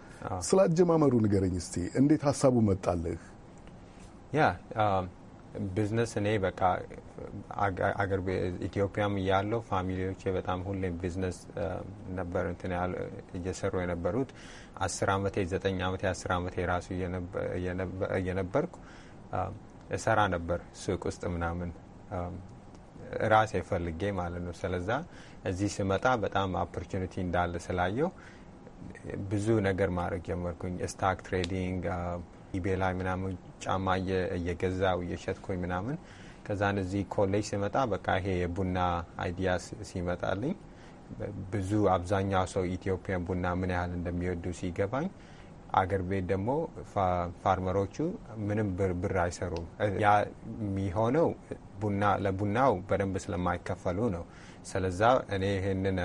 ስለ አጀማመሩ ንገረኝ እስቲ። እንዴት ሀሳቡ መጣልህ? ያ ቢዝነስ እኔ በቃ አገር ኢትዮጵያም እያለሁ ፋሚሊዎቼ በጣም ሁሌም ቢዝነስ ነበር እንትን እየሰሩ የነበሩት አስር አመቴ ዘጠኝ አመቴ አስር አመቴ ራሱ እየነበርኩ እሰራ ነበር ሱቅ ውስጥ ምናምን ራሴ ፈልጌ ማለት ነው። ስለዛ እዚህ ስመጣ በጣም ኦፖርቹኒቲ እንዳለ ስላየው ብዙ ነገር ማድረግ ጀመርኩኝ። ስታክ ትሬዲንግ፣ ኢቤይ ላይ ምናምን ጫማ እየገዛው እየሸጥኩኝ ምናምን። ከዛን እዚህ ኮሌጅ ስመጣ በቃ ይሄ የቡና አይዲያ ሲመጣልኝ ብዙ አብዛኛው ሰው ኢትዮጵያን ቡና ምን ያህል እንደሚወዱ ሲገባኝ አገር ቤት ደግሞ ፋርመሮቹ ምንም ብር አይሰሩም። ያ የሚሆነው ቡና ለቡናው በደንብ ስለማይከፈሉ ነው። ስለዛ እኔ ይህንን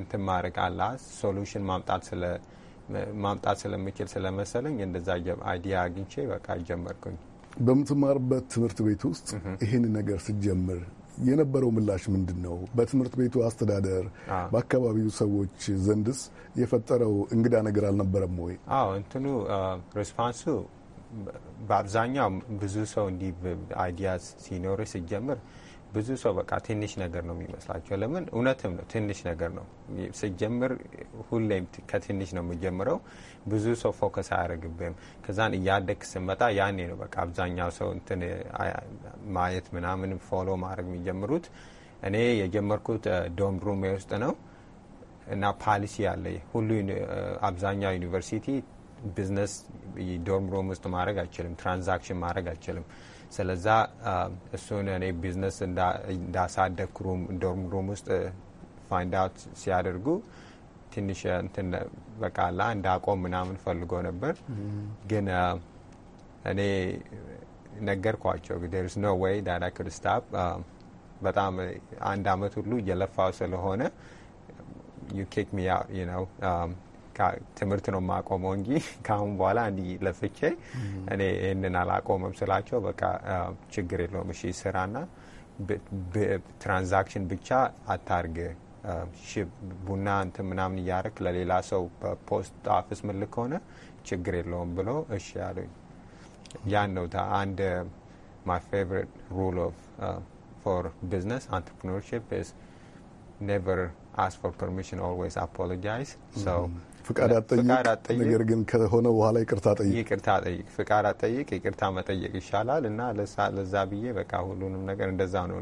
እንትን ማድረግ አላ ሶሉሽን ማምጣት ስለ ማምጣት ስለምችል ስለመሰለኝ እንደዛ አይዲያ አግኝቼ በቃ ጀመርኩኝ። በምትማርበት ትምህርት ቤት ውስጥ ይህን ነገር ስትጀምር የነበረው ምላሽ ምንድን ነው? በትምህርት ቤቱ አስተዳደር፣ በአካባቢው ሰዎች ዘንድስ የፈጠረው እንግዳ ነገር አልነበረም ወይ? አዎ እንትኑ ሬስፖንሱ በአብዛኛው ብዙ ሰው እንዲህ አይዲያ ሲኖር ሲጀምር ብዙ ሰው በቃ ትንሽ ነገር ነው የሚመስላቸው። ለምን እውነትም ነው ትንሽ ነገር ነው። ስጀምር ሁሌም ከትንሽ ነው የምጀምረው። ብዙ ሰው ፎከስ አያደርግብም። ከዛን እያደግ ስመጣ ያኔ ነው በቃ አብዛኛው ሰው እንትን ማየት ምናምን ፎሎ ማድረግ የሚጀምሩት። እኔ የጀመርኩት ዶም ሩሜ ውስጥ ነው እና ፓሊሲ ያለ ሁሉ አብዛኛው ዩኒቨርሲቲ ቢዝነስ ዶርም ሮም ውስጥ ማድረግ አይችልም፣ ትራንዛክሽን ማድረግ አይችልም። ስለዛ እሱን እኔ ቢዝነስ እንዳሳደግኩ ዶርም ሩም ውስጥ ፋይንድ አውት ሲያደርጉ ትንሽ በቃላ እንዳቆም ምናምን ፈልጎ ነበር። ግን እኔ ነገርኳቸው ዴርስ ኖ ወይ ዳዳ ክድ ስታፕ በጣም አንድ አመት ሁሉ እየለፋው ስለሆነ ዩ ኬክ ሚ አውት ትምህርት ነው የማቆመው እንጂ ከአሁን በኋላ እንዲ ለፍቼ እኔ ይህንን አላቆመም ስላቸው በቃ ችግር የለውም እሺ ስራና ትራንዛክሽን ብቻ አታርግ ቡና እንትን ምናምን እያረክ ለሌላ ሰው በፖስት ኦፊስ ምል ከሆነ ችግር የለውም ብሎ እሺ አሉኝ ያን ነው አንድ ማይ ፌቨሪት ሩል ኦፍ ፎር ቢዝነስ አንትርፕኖርሽፕ ኢዝ ኔቨር አስክ ፎር ፐርሚሽን ኦልዌይስ አፖሎጃይዝ ሰው ፍቃድ አጠይቅ፣ ነገር ግን ከሆነ በኋላ ይቅርታ ጠይቅ፣ ይቅርታ ጠይቅ፣ ፍቃድ አጠይቅ፣ ይቅርታ መጠየቅ ይሻላል እና ለዛ ብዬ በቃ ሁሉንም ነገር እንደዛ ነው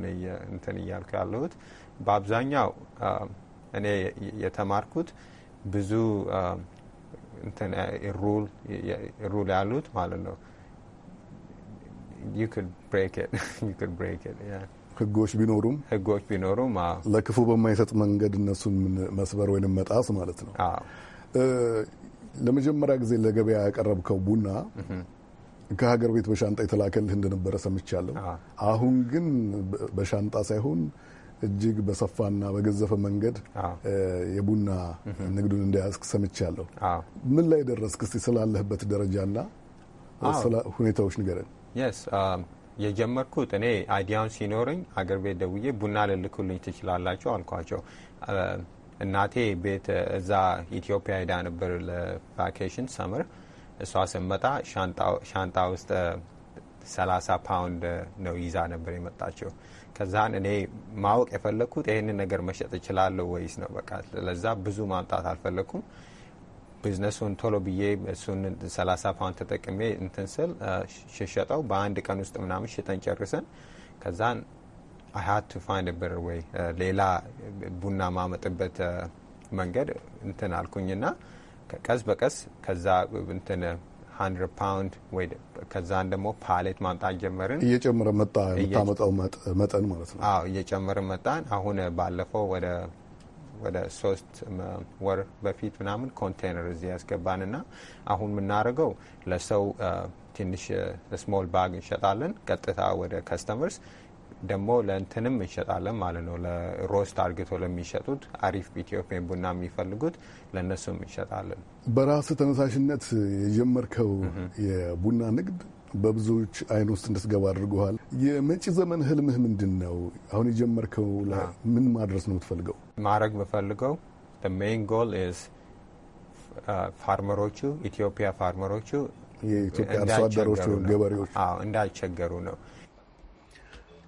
እንትን እያልኩ ያለሁት። በአብዛኛው እኔ የተማርኩት ብዙ ሩል ያሉት ማለት ነው ህጎች ቢኖሩም ህጎች ቢኖሩም ለክፉ በማይሰጥ መንገድ እነሱን መስበር ወይንም መጣስ ማለት ነው። ለመጀመሪያ ጊዜ ለገበያ ያቀረብከው ቡና ከሀገር ቤት በሻንጣ የተላከልህ እንደነበረ ሰምቻለሁ። አሁን ግን በሻንጣ ሳይሆን እጅግ በሰፋና በገዘፈ መንገድ የቡና ንግዱን እንደያዝክ ሰምቻለሁ። ምን ላይ ደረስክ? እስቲ ስላለህበት ደረጃና ስለ ሁኔታዎች ንገረን። um, የጀመርኩት እኔ አይዲያውን ሲኖረኝ አገር ቤት ደውዬ ቡና ልልኩልኝ ትችላላቸው አልኳቸው። እናቴ ቤት እዛ ኢትዮጵያ ሄዳ ነበር ለቫኬሽን ሰምር። እሷ ስመጣ ሻንጣ ውስጥ 30 ፓውንድ ነው ይዛ ነበር የመጣቸው ከዛን እኔ ማወቅ የፈለግኩት ይህንን ነገር መሸጥ እችላለሁ ወይስ ነው። በቃ ለዛ ብዙ ማምጣት አልፈለግኩም። ቢዝነሱን ቶሎ ብዬ እሱን 30 ፓውንድ ተጠቅሜ እንትን ስል ሽሸጠው በአንድ ቀን ውስጥ ምናምን ሽጠን ጨርሰን ከዛን Uh, ሌላ ቡና ማመጥበት uh, መንገድ እንትን አልኩኝና ቀስ በቀስ ከዛ እንትን ሀንድረድ ፓውንድ ወይ ከዛን ደግሞ ፓሌት ማምጣት ጀመርን። እየጨመረ መጣ የምታመጣው መጠን ማለት ነው። አዎ እየጨመረ መጣን። አሁን ባለፈው ወደ ወደ ሶስት ወር በፊት ምናምን ኮንቴነር እዚህ ያስገባንና አሁን የምናደርገው ለሰው uh, ትንሽ ስሞል ባግ እንሸጣለን። ቀጥታ ወደ ከስተመርስ ደግሞ ለእንትንም እንሸጣለን ማለት ነው። ለሮስት አርግቶ ለሚሸጡት አሪፍ ኢትዮጵያን ቡና የሚፈልጉት ለእነሱም እንሸጣለን። በራስ ተነሳሽነት የጀመርከው የቡና ንግድ በብዙዎች አይን ውስጥ እንድትገባ አድርገዋል። የመጪ ዘመን ህልምህ ምንድን ነው? አሁን የጀመርከው ምን ማድረስ ነው የምትፈልገው? ማድረግ ብፈልገው ሜን ጎል ኢዝ ፋርመሮቹ ኢትዮጵያ ፋርመሮቹ የኢትዮጵያ አርሶ አደሮቹ ገበሬዎች እንዳይቸገሩ ነው።